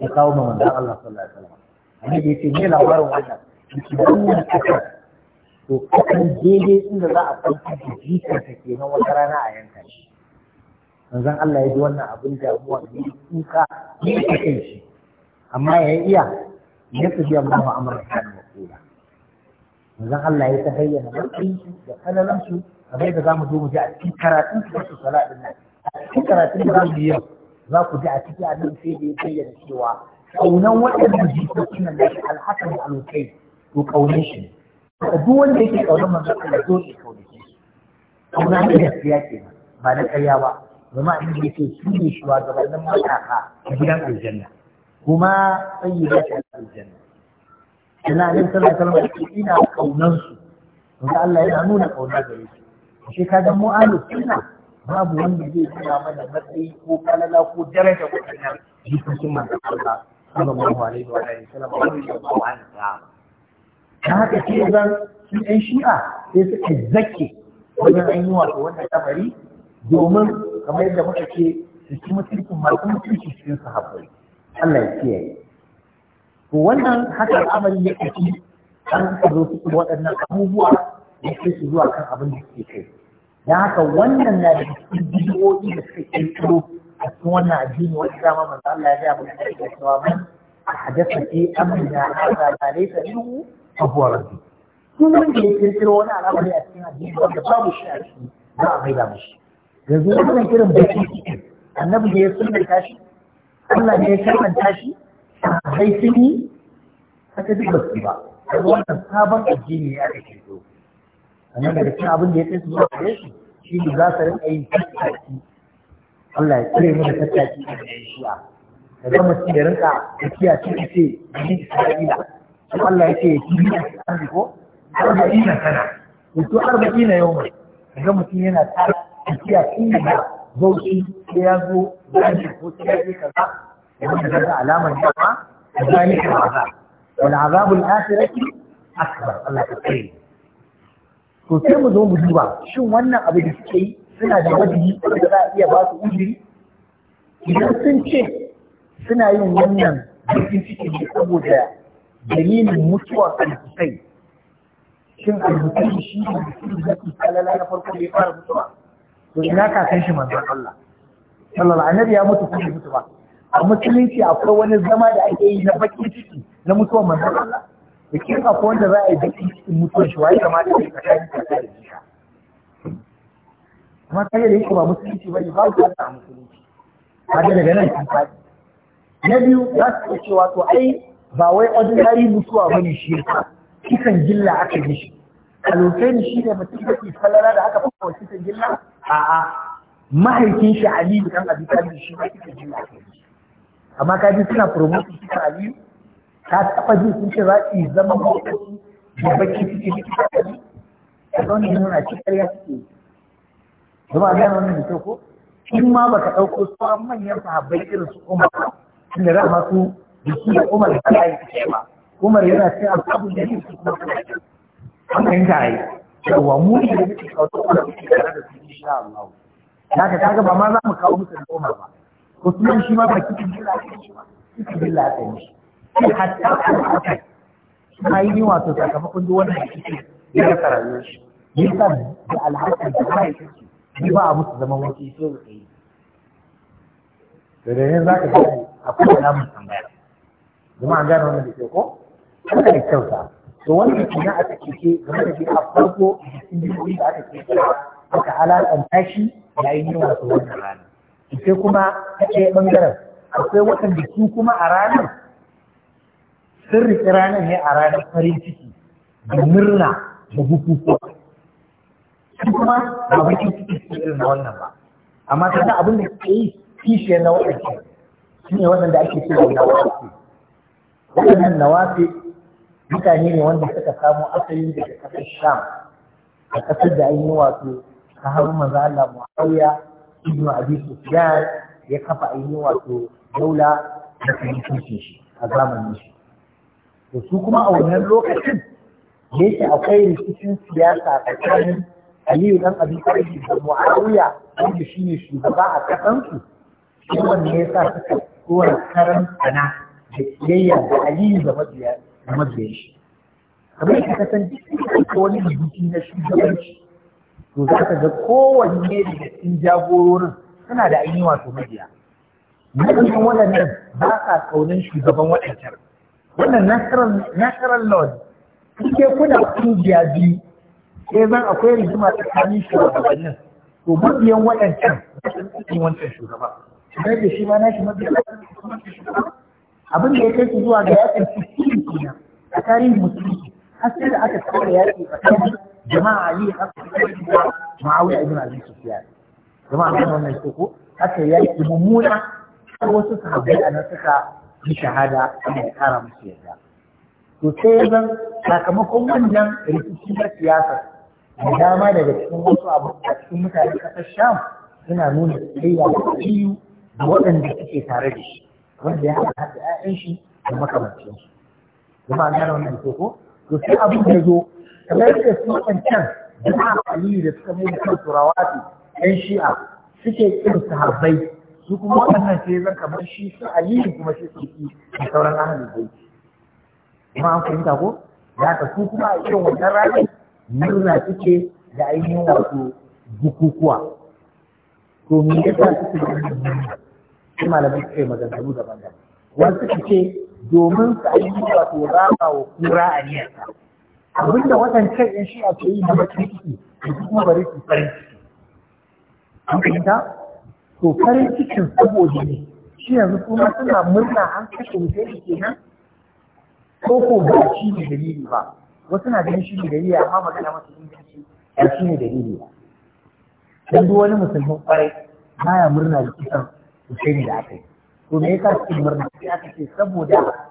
ya kawo ma manzon Allah sallallahu alaihi wasallam amma ya ce me labarin wannan wannan ƙasar to kasan daidai inda za a kwanci da jikin ta kenan wata rana a yanka shi Zan Allah ya ji wannan abin da ruwa ne kuka ne kake shi amma ya iya ya tafi Allah ma amara ta makula Zan Allah ya ta bayyana mulkin da kalalan su kamar da mu zo mu ji a cikin karatun su salatin nan a cikin karatun da zamu yi yau za ku ji a cikin nan sai da ya bayyana cewa kaunan waɗanda jikokin nan da alhakan da alhukai ko kaunan shi ne duk wanda yake kaunan manzan Allah dole ya kaunace shi kauna ne gaskiya ke ba na karya ba zama a inda yake su ne shugabannin matasa a gidan aljanna kuma sai ya ta aljanna ina ne sallallahu alaihi wasallam ina kaunan su wanda Allah yana nuna kauna da yake. shi ka ga mu ahlus sunna babu wanda zai nuna mana matsayi ko kalala ko daraja ko kana jikin manzon Allah sallallahu alaihi wa alihi wasallam wanda ya ba wa ta ta haka ce zan su ɗan shi'a sai suke zake wajen an yi wannan kamari domin kamar yadda muka ce su ci mutuncin masu mutunci cikin sahabbai Allah ya kiyaye to wannan haka al'amari ya kaci an ka zo su waɗannan abubuwa ya ke su zuwa kan abin da suke kai dan haka wannan na da cikin bidiyoyi da suka kirkiro a cikin wannan addini wani dama manzo Allah ya ga mu da cewa man hadatha fi amrina hadha ma laysa minhu fa huwa raddi kun wanda ya kirkiro wani al'amari a cikin addini wanda babu shi a ciki za a maida mashi yanzu wannan irin baki cikin annabi da ya sunanta tashi, Allah ne ya karanta tashi, sai sun yi haka duk ba su ba yanzu wannan sabon addini ya ake kirkiro annan daga cikin abin da ya kai su zuwa gare shi shi ne za su rinka yin tattaki Allah ya kire mana tattaki da ya shi'a da zama su ya rinka tafiya ce ta ce ni Isra'ila su Allah ya ce ya kiri a cikin ko arba'ina sana wato arba'ina yau mai ga mutum yana tara tafiya tun daga bauchi sai ya zo zai ko sai ya je kaza wanda kaga alamar dama zalika al'azab wal azab al akhirati akbar Allah ka tsare to sai mu zo mu duba shin wannan abu da suke yi suna da wajibi da za a iya ba su ujiri idan sun ce suna yin wannan bakin ciki ne saboda dalilin mutuwar alhusai shin alhusai shi ne da su da kalala na farko da ya fara mutuwa to ina san shi manzon Allah sallallahu annabi ya mutu bai mutu ba a musulunci akwai wani zama da ake yi na baki ciki na mutuwar manzon Allah da kin akwai wanda za a yi baki cikin mutuwar shi wai kamata ka tsakani tsakani da shi amma kai da yake ba musulunci bane ba ku a musulunci ba da daga nan kin fadi na biyu za su iya cewa to ai ba wai ordinary mutuwa bane shi yasa kisan gilla aka yi shi ne shi ne mutum da ke falala da aka fara kisan gilla a'a mahaifin shi Ali dan Abi Talib shi ne kike ji amma ka ji suna promote shi ta Ali ka taba ji sun ce za ki zama mutunci da baki kike ji ta Ali don ne nuna ci ƙarya kike kuma ga nan ne ko in ma baka dauko su an manyan sahabbai irin su Umar inda rahama su da su da Umar da Allah ya ce ba Umar yana ce abu da yake kuma an fahimta ai yawa mu ne da muke kawo da muke da su insha Allah haka kaga ba ma za mu kawo musu al'umma ba Usman shi ma ba kitin jira ne shi ba kitin jira ne shi hatta al'akai Ka yi wato sakamakon duk wannan kitin ya rasa rayuwar shi yasa da alhakan da ba yake ni ba a musu zaman wani so da kai to da yanzu a ga akwai mun tambaya jama'a gane wannan da ke ko kada da kyauta to wannan kina aka ce game da a farko cikin jihohi da aka ce aka tashi ya da ainihin wasu wannan rana sai kuma ta ɓangaren akwai waɗanda su kuma a ranar sun riƙi ranar ne a ranar farin ciki da murna da bukukuwa su kuma ba bakin ciki su irin na wannan ba amma ta abin da ke yi kishe na waɗanda su ne waɗanda ake cewa na nawafi. waɗannan nawafi mutane ne wanda suka samu asali daga ƙasar sham a ƙasar da an yi wato sahabin manzo Allah Muawiya ibn Abi Sufyan ya kafa ainihin wato daula da kalifancin shi a zamanin shi to su kuma a wannan lokacin yake akwai rikicin siyasa tsakanin Aliyu dan Abi Talib da Muawiya wanda shine shugaba a su, shi wanda ya sa suka kowane karan sana da kiyayya da Aliyu da mabiya mabiyan shi kamar ka san duk wani rubuci na shugabanci to za ka ga kowanne daga cikin jagororin suna da ainihin wato mabiya mabiyan waɗannan ba sa kaunin shugaban waɗancan wannan nasarar lord suke kuna kungiya biyu sai zan akwai rigima tsakanin shugabannin to mabiyan waɗancan ba su cikin wancan shugaba kamar da shi ma na shi mabiyan abin da ya kai su zuwa ga yakin su kenan a tarihin har sai da aka tsara yaki tsakanin jama'a yi haka kuma ma'awiya ibn abi sufyan jama'a kan wannan shi ko haka ya yi mummuna har wasu sahabbai a nan suka yi shahada ana ya kara musu yarda to sai zan sakamakon wannan rikici na siyasa da dama daga cikin wasu abu a cikin mutane kasar sham suna nuna tsayya da ciwo da waɗanda suke tare da shi wanda ya haɗa da 'ya'yan shi da makamancin shi jama'a kan wannan shi ko to sai abin da zo kamar yadda su wancan jama'a aliyu da suka mai da kan turawa yan shi'a suke ƙin sahabbai su kuma wannan sai zan kamar shi su aliyu kuma shi su ki da sauran da bai kuma an fahimta ko da ka su kuma a irin wannan ranar murna suke da ainihin wato bukukuwa to me yasa suke da murna sai malamai suke maganganu daban-daban wasu suke domin su ainihin wato raba wa kura a niyarsa abinda waɗancan ya shi ake yi na bakin ciki da kuma bari su farin ciki an fahimta to farin cikin saboda ne shi yanzu kuma suna murna an kashe wuce shi nan? ko ko ba shi ne dalili ba wasu na ganin shi ne dalili amma magana masu inganci ba shi ne dalili ba dan duk wani musulmin kwarai baya murna da kisan ne da aka yi to me yasa suke murna sai aka ce saboda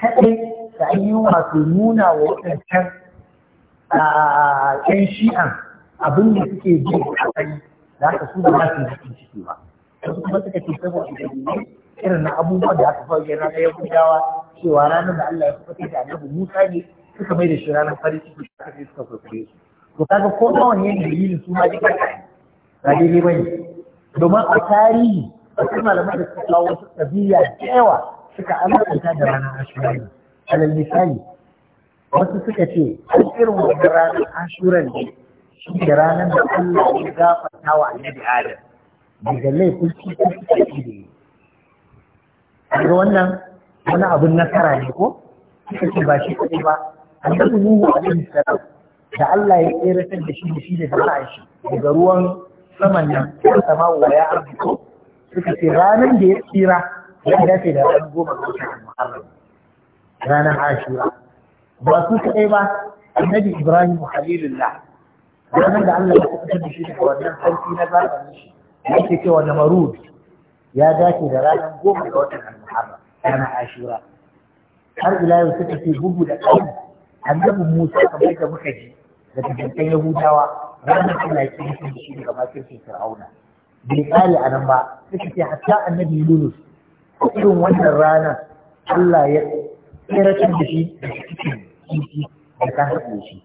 kaɗai da ayyuka su nuna wa waɗancan ƴan shi'an abin da suke ji a kai da aka su da masu cikin ciki ba wasu kuma suka ce saboda dalilai irin na abubuwan da aka fara na ya gudawa cewa ranar da Allah ya kuɓuta da annabi Musa ne suka mai da shi ranar farin ciki suka ce suka kurkure su to kaga ko nawa ne dalilin su ma duka ne ba daidai ne. domin a tarihi cikin malamai da suka kawo wasu tabiya da yawa suka alaƙanta da ranar ashura alal misali wasu suka ce an irin wani ranar ashuran ne shi da ranar da Allah ya gafarta wa annabi Adam daga laifin cikin suka ci da yi. Daga wannan wani abin nasara ne ko? Suka ce ba shi kaɗai ba, annabi Nuhu alaihi salam da Allah ya tseratar da shi da shi da jama'a shi daga ruwan saman nan ko sama wa ya arziki. suka ce ranar da ya tsira ya dace da ranar goma ga a Muharram ranar Ashura. ba su kaɗai ba annabi ibrahim halilullah ranar da Allah ya kusantar da shi daga wannan sarki na zamanin shi yake cewa na marud ya dace da ranar goma ga watan al-muharram yana ashura har ila yau suka ce bugu da ƙari annabi musa kamar da muka ji da tafiyantan yahudawa ranar Allah ya kusantar da shi daga makircin fir'auna bai kare a nan ba suka ce hatta annabi yunus irin wannan ranar Allah ya tsiratar da shi da cikin kifi da ka haɗe shi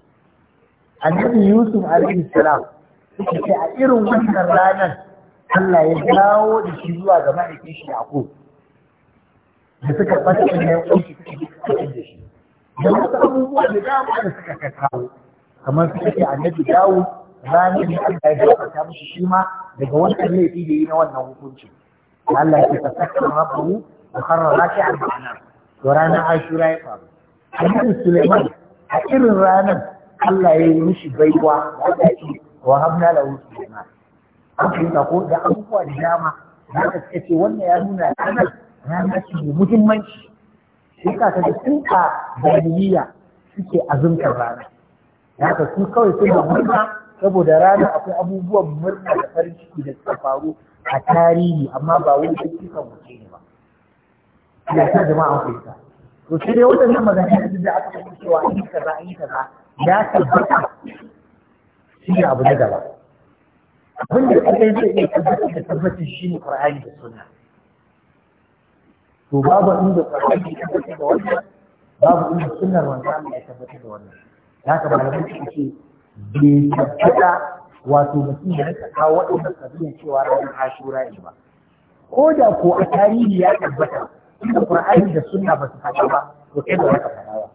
annabi yusuf alaihi salam suka ce a irin wannan ranar Allah ya dawo da shi zuwa ga ma'aikin shi Yakub da suka fata da ya suka da shi da wasu abubuwa da dama da suka ka kawo kamar suka ce annabi dawo ranar da Allah ya gafarta mishi shi ma daga wannan laifi da yi na wannan hukunci Allah ya ce ka sakka rabbu wa kharra to ranar Ashura ya faru annabi Suleiman a irin ranar Allah ya yi mishi baiwa da aka ce wa hamna wuce Suleiman an fahimta ko da abubuwa da dama da aka ce wannan ya nuna ranar rana ce mai muhimmanci sai ka ta tun da suke azumtar rana ya ka su kawai suna murna saboda ranar akwai abubuwan murna da farin ciki da suka faru a tarihi amma ba wani da kika mutu ne ba. Ya ta jama'a fahimta. to sai dai waɗannan maganganun da aka yi cewa in kaza in kaza ya tabbata shi ne abu na gaba abin da kaɗai zai iya tabbatar da tabbacin shi ne ƙur'ani da sunna to babu inda ƙur'ani ya tabbatar da wannan babu inda sunnar wanzami ya tabbatar da wannan ya kamata malamai suka ce bai tabbata wato mutum da rika kawo waɗannan kabilan cewa ranar ashura ne ba ko da ko a tarihi ya tabbata inda Qur'ani da sunna ba su faɗa ba to kai da wata faɗa ba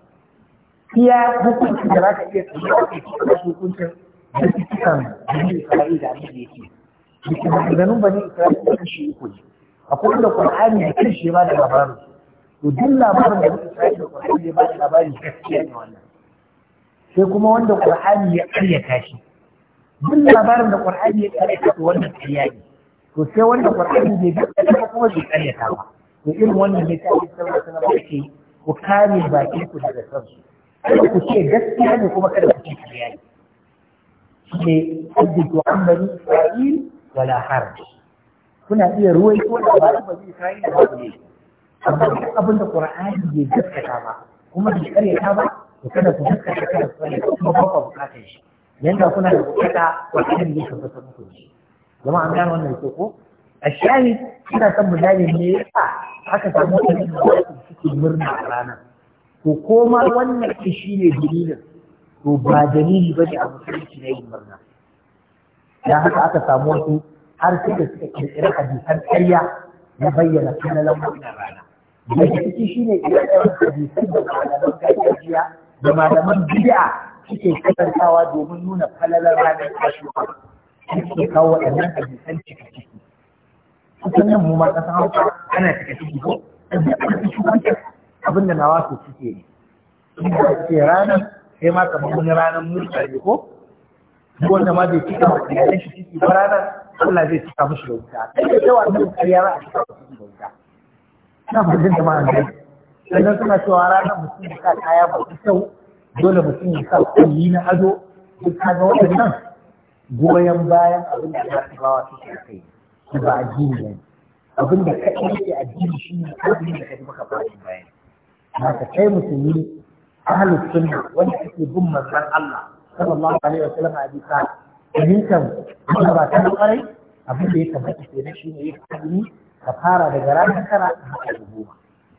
iya hukunci da za ka iya tsaye da shi da hukuncin da cikin bani Isra'i da abin da yake cikin maganganun bani Isra'ila da shi uku ne akwai inda Qur'ani da kanshi ba da labarin to duk labarin da Isra'i da Qur'ani ya ba da labarin gaskiya ne wannan sai kuma wanda Qur'ani ya karya shi duk labarin da Qur'ani ya karya to wannan ƙarya ne to sai wanda Qur'ani bai gaskata kuma bai karyata ba da irin wannan ne ta isa da sanar da ke ku kame bakin ku daga kansu kada ku ce gaskiya ne kuma kada ku ce kariya ne shi ne addu'u amari isra'il wala harb kuna iya ruwai ko da ba ba isra'il da ba ne amma duk abin da qur'ani ya gaskata ba kuma bai ta ba to kada ku gaskata kada ku karyata kuma ba ku bukatar shi yanda kuna da bukata wa kan yi ka fasa muku jama'a an gano wannan ko a shahi ina son mu gane me yasa aka samu wannan da suke murna a ranar to koma wannan shi ne dalilin to ba dalili bane a musulunci na yin murna dan haka aka samu wasu har suka suka kirkira hadisan ƙarya na bayyana sunan wannan rana da ciki shine kirkirar hadisan da malaman gargajiya da malaman bid'a suke kasantawa domin nuna falalar ranar kasuwa suke kawo waɗannan hadisan ciki ciki kusan nan mu ma kasan hausa ana cika ciki ko abin da nawa su cike ne inda ce ranar sai ma kamar wani ranar mulka ne ko wanda ma zai cika wa iyalan shi ciki ko ranar Allah zai cika mushi da wuta kai da yawa nan kariya za a cika wa ciki da wuta na fadin da ma'an dai sannan suna cewa ranar mutum ya sa kaya masu kyau dole mutum ya sa kulli na ado duk kaga waɗannan goyon bayan abin da ya fi bawa su kai da ba addini ne abin da kaɗai yake addini shi ne abin da kaɗai baka faɗi bayan haka kai musulmi ahlus sunna wanda kake bin manzon Allah sallallahu alaihi wasallam a bisa fahimtar magabata na kwarai abin da ya kamata kenan shi ne ya azumi ka fara daga ranar tara a goma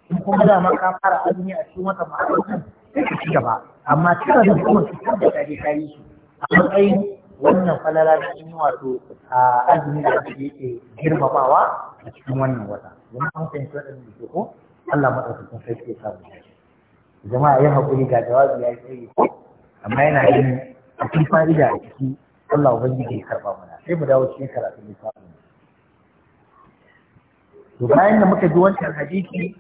in kuma ma ka fara azumi a cikin wata ma'aikatan sai ka ci gaba amma tara da kuma ka da dai ka yi su a matsayin wannan falala da in wato a azumi da ake ke girmamawa a cikin wannan wata wani an fahimci waɗannan da ko Allah maɗaukakin sarki shi. samu jama'a ya haƙuri ga jawabi ya yi amma yana ganin a cikin fa'ida a ciki Allah ubangiji ya karɓa mana sai mu dawo cikin karatun littafin to bayan da muka ji wancan hadisi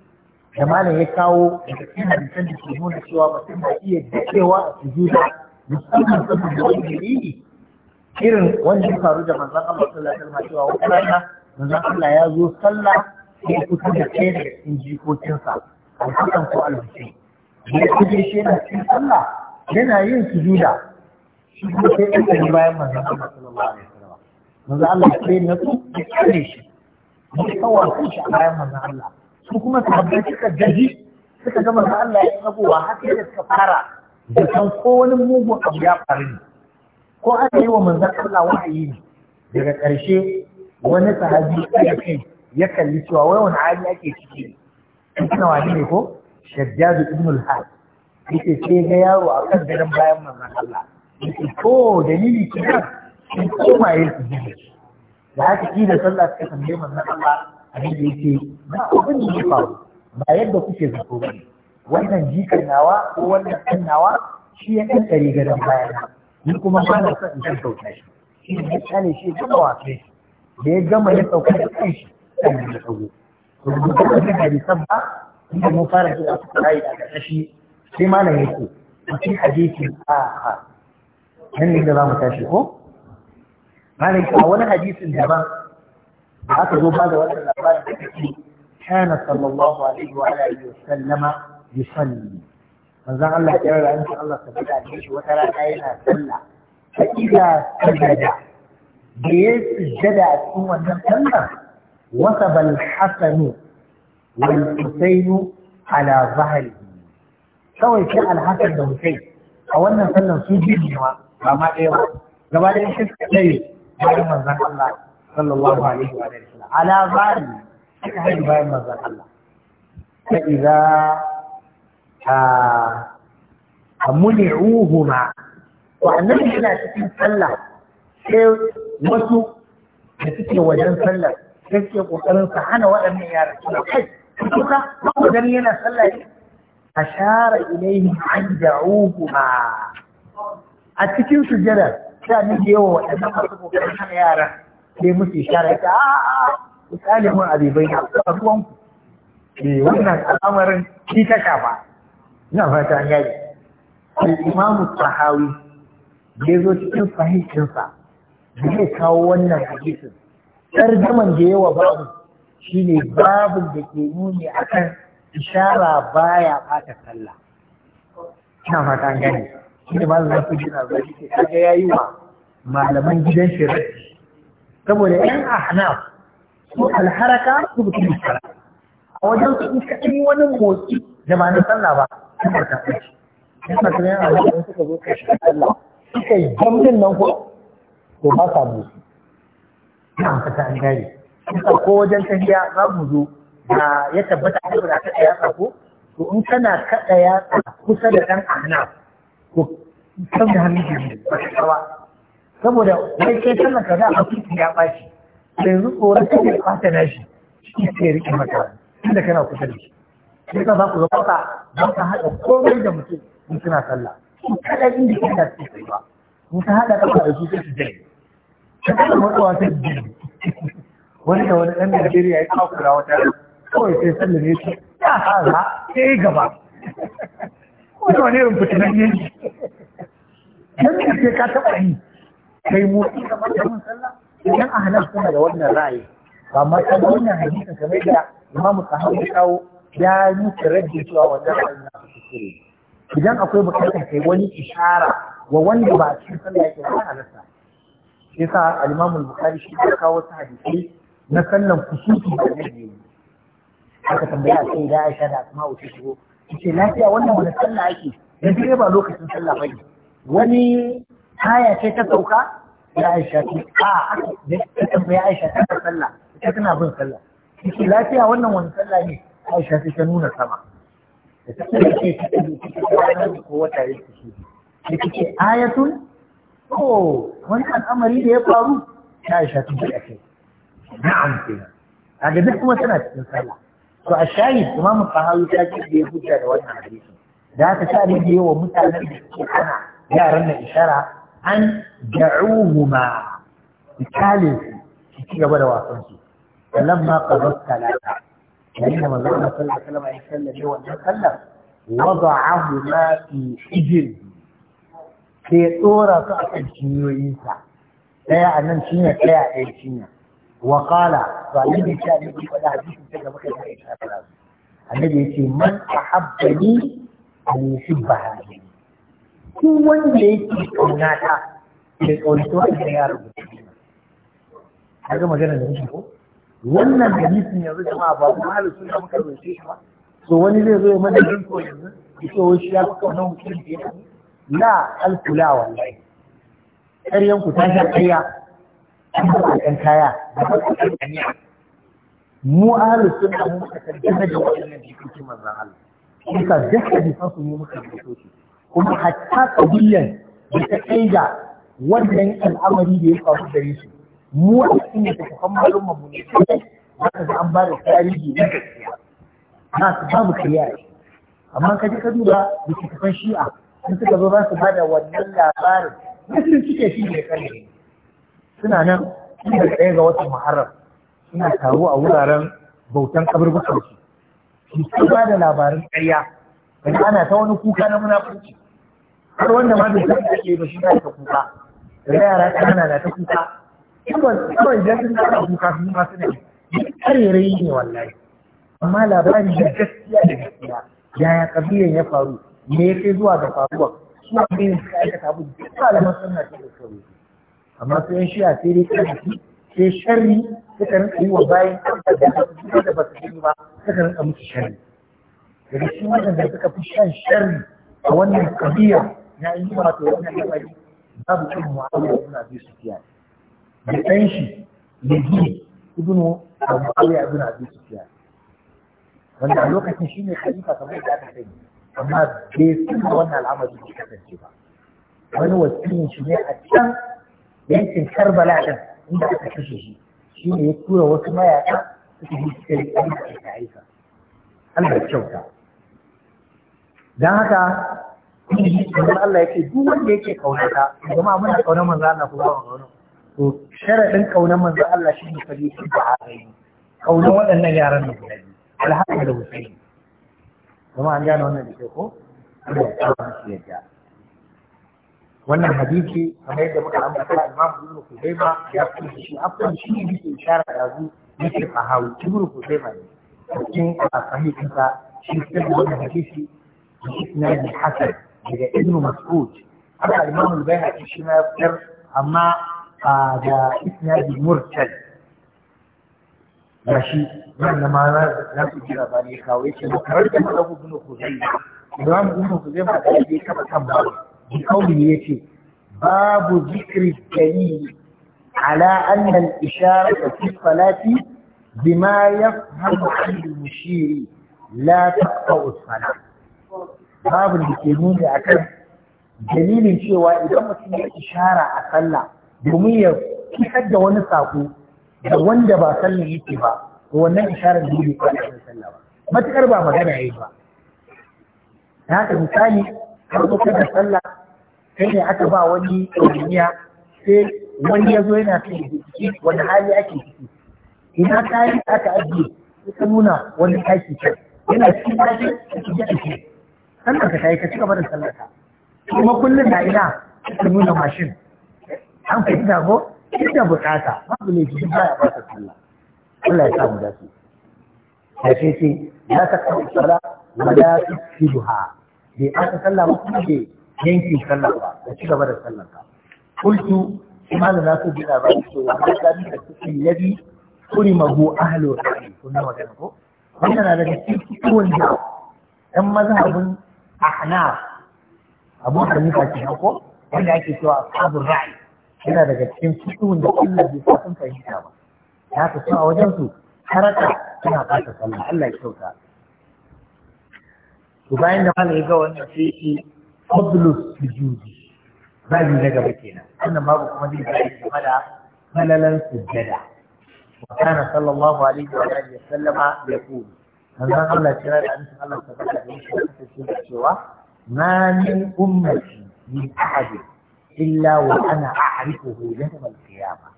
da malam ya kawo daga cikin hadisan da ke nuna cewa mutum na iya daɗewa a sujuda musamman saboda wani dalili irin wanda ya faru da manzan Allah sallallahu alaihi wasallam cewa wata rana manzon Allah ya zo sallah sai ya fito da ɗaya in cikin jikokinsa al-Hasan ko al-Husayn ya kuje shi yana cikin sallah yana yin sujuda shi kuma sai ya tsari bayan manzan Allah sallallahu alaihi wasallam manzan Allah sai na su ya kare shi ya kawar shi a bayan manzan Allah su kuma sahabbai suka gaji suka ga manzan Allah ya tsagowa har sai da suka fara da san ko wani mugun abu ya faru ne ko aka yi wa manzan Allah wahayi ne daga ƙarshe wani sahabi ya kai ya kalli cewa wai wani hali ake ciki ne suna wani ne ko shaddadu ibnul hal yake ce ga yaro a kan gadon bayan manzan Allah yake ko dalili nan sun koma yin sujudi da haka ki da sallah suka tambaye manzan Allah abin da yake na abin da ya faru ba yadda kuke zato ba ne wannan jikan nawa ko wannan ɗan nawa shi ya ɗan ɗari gadon bayan ni kuma ba na son in san sauka shi shi ne ya shi kuma wafe da ya gama ya sauka da kanshi sannan ya tsago to duk da kan hadisan ba inda mun fara shi da cikin ayi a kashi sai malam yake cikin hadisi a ha nan ne da za mu tashi ko malam a wani hadisin daban da aka zo ba da wannan labarin da kake kana sallallahu alaihi wa alihi wa sallama yusalli manzon Allah ya rara in Allah ta fada da shi wata rana yana sallah Ta hakika sajada da ya sujjada a cikin wannan sallah wasa bal hasanu wal husainu ala zahri kawai sai al-hasan da husain a wannan sallan su biyu ne ma ba ma ɗaya ba gaba ɗaya shi suka ɗaya bayan manzon Allah sallallahu alaihi wa sallam ala zahri suka haihu bayan manzon Allah fa idza a muni'uhuma wa'annan yana cikin sallah sai wasu da suke wajen sallah sai suke kokarin su hana waɗannan yaran suna kai kuka wajen yana sallah ne a share ilaihi an da'uhuma a cikin sujada sai a nake yawa waɗannan masu kokarin hana yaran sai musu ishara ta a'a ku tsale mun abibai na ruwanku wannan al'amarin shi ta shafa ina fata an yaji al-imam sahawi da zo cikin sahihinsa da zai kawo wannan hadisin tarjaman da yawa babu shine babin da ke nuni akan ishara baya fata sallah ina fata an gane shi ne malam zafi jina zafi ke kaga yayi wa malaman gidan shirri saboda yan ahnaf ko alharaka su bikin shara a wajen su in kaɗan wani motsi da ba na sallah ba kuma ta ɓace yana tunanin a suka zo ka shiga Allah suka yi jamdin nan ko to ba sa busu na fata an gane suka ko wajen tafiya za mu zo da ya tabbata a da ta da yatsa ko to in kana kaɗa yatsa kusa da ɗan ahna to kan da hannun jami'in ba ta kawa saboda wai sai sallar ka za a kuka ya ɓaci yanzu tsoron kake ɓata nashi shi ke rike maka tunda kana kusa da shi sai ka za ku zama ka za ka haɗa komai da mutum in suna sallah su kada inda kan da suke kai ba in ka haɗa kafa da su sai su jari ta kada matsawa ta jari wani da wani ɗan Najeriya ya kawo kura wata kawai sai sallah ne su ya haza sai gaba wani wani irin fitinan ne dan da sai ka taɓa yi kai motsi kamar da mun sallah idan a halar suna da wannan ra'ayi ba ma ta wannan hadisin kamar da imamu sahabu ya kawo ya yi musu rage cewa wannan abin na su kire idan akwai bukatar kai wani ishara wa wanda ba cikin sallah yake ba halarta. sai sa al-Imam al-Bukhari shi ya kawo wasu hadisi na sallan kusufi da yi aka tambaya sai da Aisha da kuma wuce shigo ce lafiya wannan wani sallah ake da dire ba lokacin sallah bane wani haya ce ta sauka Ya Aisha ce a aka tambaya Aisha ta sallah ita tana bin sallah ce lafiya wannan wani sallah ne aisha sai ta nuna sama da ta ce ta ɗago ta ranar ko wata ya ce da ta ce ayatun ko oh, wani al'amari da ya faru ta aisha ta ce ake na'am ke a ga duk kuma suna cikin sallah to a shayi imam sahawi ta ce da ya hujja da wannan hadisi da haka ta ne da yawa mutanen da suke kana yaran na ishara an da'uhuma ikale su ci gaba da wasansu ma qadat salata yayin da manzo Allah sallallahu alaihi wasallam ya sallace wannan sallar wada'ahu ma fi hijr sai tsora su a kan cinyoyinsa daya a nan cinya daya a ɗaya cinya wa qala ba ni da shi ne ko da hadisi daga muka yi ta fara annabi yace man ahabbani an yuhibba hadi ku wanda yake kaunata da kauntuwa da ya rubuta kaga magana da shi ko wannan hadisin yanzu jama'a ba kuma halin suna muka roce shi ba so wani zai zo ya mana rinko yanzu ya ce wai shi ya fi kaunar mutum da ya na alkula wallahi ƙaryan ku ta sha ƙarya an ba ku ɗan kaya da ba ku ɗan kanya mu ahlu sunna mu muka tantance da wannan jikin manzon Allah kuka duk hadisan su mu muka rubuto shi kuma hatta kabilan da ta kai wannan al'amari da ya faru da shi mu a cikin da ta malum mu ne za ka ga an ba da tarihi na gaskiya na su ba mu kariya amma ka je ka duba littattafan shi'a sun suka zo za su ba da wannan labarin mutum suke shi ne kan suna nan inda ɗaya ga watan muharram suna taro a wuraren bautan kaburbukan su su su ba da labarin ƙarya kaga ana ta wani kuka na munafurci har wanda ma bai san da ke ba shi ta kuka da yara ƙanana na ta kuka yawan yawan jasin da abu kafin ma suna yi karerai ne wallahi amma labarin da gaskiya da gaskiya yaya kabilan ya faru me ya kai zuwa ga faruwa su a bayan suka aikata abu da malaman suna ce da sauri amma su yan shiya sai dai karfi sai sharri suka rinka yi wa bayan kanta da ba su da ba su gani ba suka rinka musu sharri daga shi waɗanda suka fi shan sharri a wannan kabiya na yi wato wannan labari babu cin mu'amala suna bi su fiye da ɗan shi yazid ibn muawiya ibn abi sufyan wanda a lokacin shi ne khalifa kamar da aka sani amma bai san wannan al'amari da kasance ba wani wakilin shi ne a can yankin karbala din inda aka kashe shi shi ne ya tura wasu mayaƙa suka yi suka yi da aka aika Allah ya kyauta don haka kuma Allah ya ce duk wanda yake kaunata jama'a muna kaunar manzo Allah ko ba mu kaunar to sharaɗin kaunar manzo Allah shi ne fari su ba a rai kaunar waɗannan yaran da guda biyu da husaini kuma an gane wannan da ke ko da tsawon shi yadda wannan hadisi kamar yadda muka ambata Imam Ibn Khuzaima ya kuma shi afwan shi ne yake ishara da zu yake fahawi Ibn Khuzaima ne cikin sahihin ta shi sai wannan hadisi na Ibn Hasan daga Ibnu Mas'ud haka Imam Al-Baihaqi shi ma ya amma da isnadi murtal yashi wannan ma na na su kira ba ne kawo yake mu karar da mazhabu ku Khuzaimi da mu ibn Khuzaimi da yake kafa kan ba ni kauli yake babu zikri kai ala anna al isharatu fi salati bima yafhamu al mushiri la taqta'u usala. babu da ke nuni akan dalilin cewa idan mutum ya ishara a sallah domin ya fitar da wani sako da wanda ba sallar yake ba wannan isharar da yake kwana da sallah ba matukar ba magana yayi ba da haka misali har kuka da sallah kai ne aka ba wani duniya sai wani ya zo yana son ciki wani hali ake ciki ina kayan da aka ajiye suka nuna wani taki can yana cikin taki a cikin jiki sannan ka kai ka ci gaba da sallar ka kuma kullum na ina ka nuna mashin an fahimta ko inda bukata babu ne shi baya ba ta sallah Allah ya samu dace da ce ce ya ta kawo sala wa la tusibuha bai an sallah ba kuma bai yanki sallah ba da ci gaba da sallah ka kultu kuma na so gina ba ce wa ma da ni da cikin yadi kuri mahu ahlu ra'i kun na magana ko wannan na daga cikin wanda dan mazhabin ahnaf abu hanifa ke ko wanda ake cewa ashabul ra'i yana daga cikin fiƙihun da Allah bai sa sun fahimta ba ya ka su a wajen su haraka suna ɓata sallah Allah ya kyauta to bayan da malai ga wannan sai shi fadlus sujudi babi na gaba kenan wannan babu kuma zai ga game da malalan sujjada wa kana sallallahu alaihi wa alihi sallama yaqulu manzon Allah kira da annabi Allah tabbata da shi cewa ma min ummati min ahadin illa wa ana a'rifuhu yawm al-qiyamah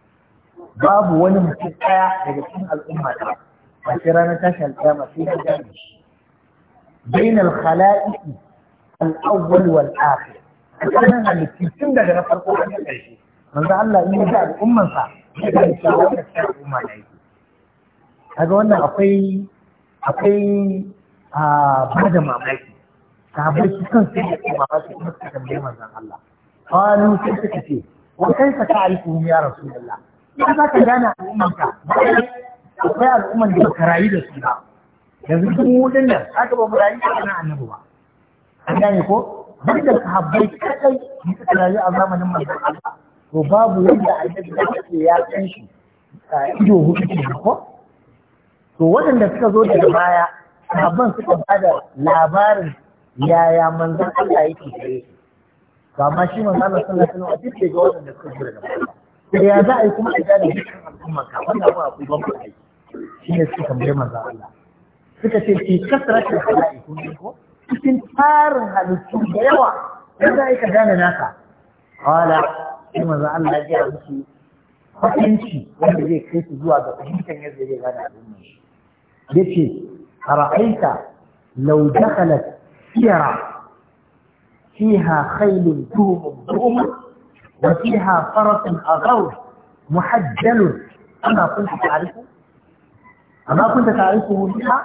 babu wani mutum daya daga cikin al'umma ta ba sai ranar tashi al sai ta gane shi bain al-khala'iqi al-awwal wal akhir tsakanin halittu tun daga na farko har na ƙarshe manzo Allah in ya ga al'umman sa ya ga cewa wannan al'umma ne yake kaga wannan akwai akwai a ah, bada mamaki sahabbai shi kan sai da mamaki kuma suka tambaye manzon Allah qalu sai suka ce wa kaifa ta'rifuhum ya rasulullah ya za ka gane al'ummanka akwai al'umman da baka rayu da su ba yanzu duk mudin nan aka ba mu rayu da kana annabi ba an gane ko duk da sahabbai kadai mu suka rayu a zamanin manzon Allah to babu yadda annabi ya ce ya san shi ido hudu ne ko to waɗanda suka zo daga baya sahabban suka ba da labarin yaya manzon Allah yake gare ba ma shi manzo Allah sallallahu alaihi wasallam duk ga wannan da suka jira da sai ya za a yi kuma a gane dukkan al'umma ka wannan ba akwai ban kai shi ne suka tambaye manzo Allah suka ce ki kasratul halaikun ko cikin tarin halittu da yawa ya za a yi ka gane naka qala sai manzo Allah ya ji musu hukunci wanda zai kai su zuwa ga fahimtar yadda zai gane al'umma a ara'aita law dakhalat siyara فيها خيل توم بؤم وفيها فرس أغر محجل أما كنت تعرفه أما كنت تعرفه منها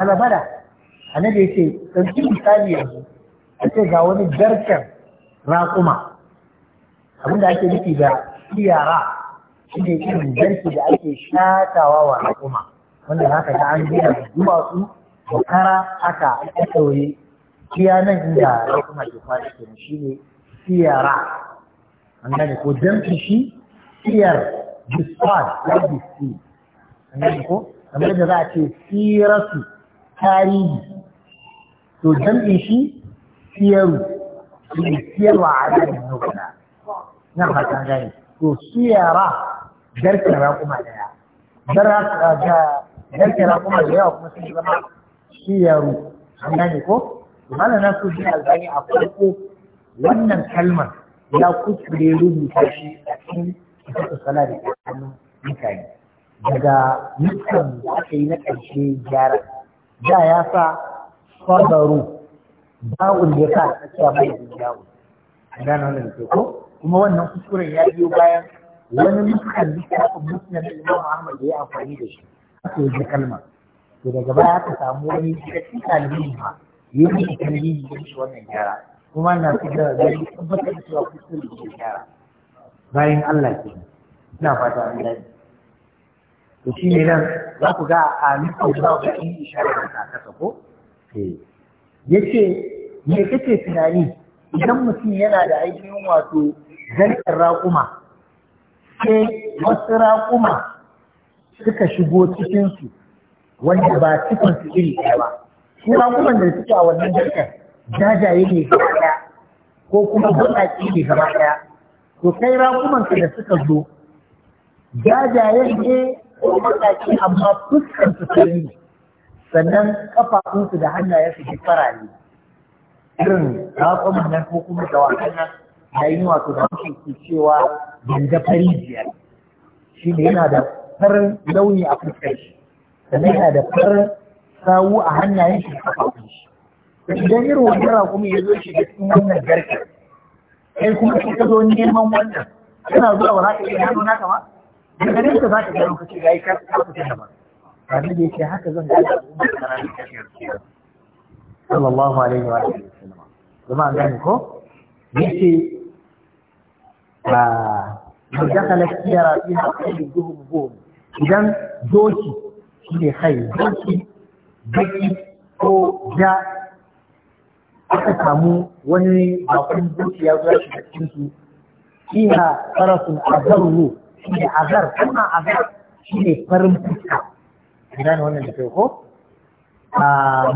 أنا بلى أنا بيتي تنسي مثالي يعني أتي جاوني جركم راقما abin da ake nufi da yara shi ne irin jarki da ake shatawa wa al'umma wanda haka ta an gina duwatsu da kara aka ɗaure Kiya nan inda ya kuma ke kwana ke shi ne siyara an gane ko jamfi shi siyar bisfad ya si an gane ko kamar da za a ce siyarasu tarihi to jamfin shi siyaru ne siyarwa a ranar nukuna nan haka gane to siyara garkara kuma daya garkara kuma da yawa kuma sun zama siyaru an gane ko Mana na so shi albani a farko wannan kalmar ya kuskure rubuta shi a cikin kitabun sala da hannun mutane. Daga mutan da aka yi na ƙarshe gyara, da ya sa sabaru ba'ul ya sa a tsakiya mai da jawo. Gano wannan ko? Kuma wannan kuskuren ya biyo bayan wani nukan littafin musnad Imam Ahmad da ya amfani da shi. Aka yi kalmar. To daga baya aka samu wani shafi ɗalibi ma yi mishi tarihi ya mishi wannan gyara kuma na fi da zai tabbatar da cewa kuskure da gyara bayan Allah ke ina fata an gani to shi ne nan za ku ga a nufin za ku ga in da kasa ko eh. ya ce me kake tunani idan mutum yana da ainihin wato zarkin raƙuma sai wasu raƙuma suka shigo cikinsu wanda ba cikinsu iri ɗaya ba surakunan da suke a wannan jarkar jajaye ne gaba ɗaya ko kuma baƙaƙe ne gaba ɗaya to kai rakuman da suka zo jajaye ne ko baƙaƙe amma fuskar su fari ne sannan kafafunsu da hannaye su farare irin rakuman nan ko kuma dawakan nan yayin wato da muke ke cewa ganda fari biyar shi ne yana da farin launi a fuskar shi sannan yana da farin sawu a hannayen shi a kafin shi idan irin wannan raƙumi ya zo da cikin wannan garke sai kuma shi ka zo neman wannan suna zuwa ba za ka iya hannu na kama daga nan ka za ka gano kace yayi kar ka fita da ba ranar da yake haka zan gane al'umma da ranar da ba, sallallahu alaihi wa sallam zama gane ko yace ba mu dakala kiyara ina kai duhum gum idan doki ne kai doki baki ko ja aka samu wani bakon dukiya zuwa shi cikin su fiha farasun azaru shi ne azar kuma azar shi ne farin fuska Idan wannan da kai ko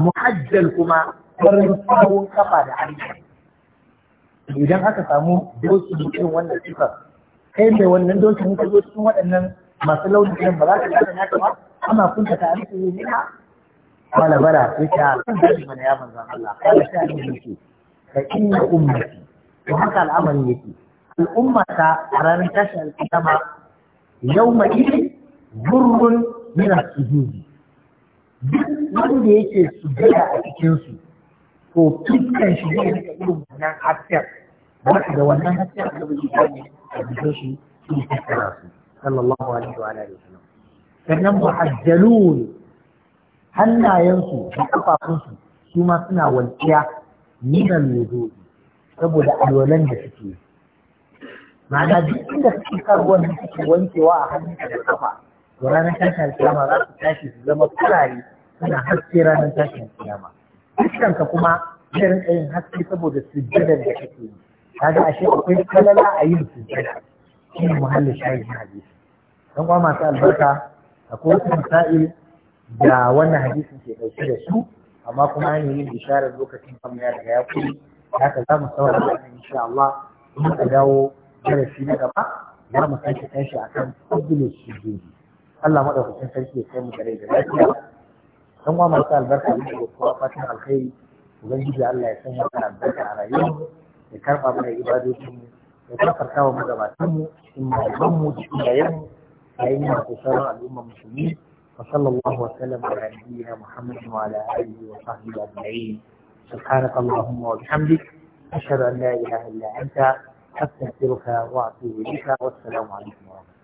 muhajjal kuma farin tsawon kafa da hannu idan aka samu doki da irin wannan sifar kai mai wannan doki muka zo cikin waɗannan masu launin ba za ka gane na kama ana kunta ta alfi ne na قال بلى يسعى من يا من الله قال شاهد يسي فإن أمتي وهكا الأمر يسي الأمة أرانا تشعر يومئذ ذر من السجود wanda yake sujada a cikinsu to fiskan shi zai rika irin wannan hasken wata da wannan hasken da bai ne a jikin shi shi ta su sallallahu alaihi wa alihi sannan hannayensu da kafafunsu su ma suna walƙiya nuna lodo saboda alwalan da suke ma'ana duk inda suke karuwan da suke wankewa a hannunka da kafa to ranar tashin alkiyama za su tashi su zama kurare suna haske ranar tashin alkiyama fuskanka kuma irin rinka yin haske saboda sujjadar da suke yi kaga ashe akwai kalala a yin sujjada ne muhallin shayin hadisi dan kwa masu albarka akwai wasu misa'il da wannan hadisin ke ɗauke da su amma kuma ne yin bisharar lokacin kamar ya riga ya kuri haka za mu saurara wannan insha Allah mun ka dawo darasi na gaba za mu sake tashi akan fadlul sujudi Allah madaukakin sarki ya kai mu gare da lafiya dan wa masu albarka ne da kowa fatan alkhairi ubangiji Allah ya sanya mana albarka a rayuwa ya karba mana ibadocin mu ya kafarta wa mu cikin malaman mu cikin yayan mu yayin al'ummar sauran al'umma musulmi وصلى الله وسلم على نبينا محمد وعلى آله وصحبه أجمعين سبحانك اللهم وبحمدك أشهد أن لا إله إلا أنت أستغفرك وأتوب إليك والسلام عليكم ورحمة الله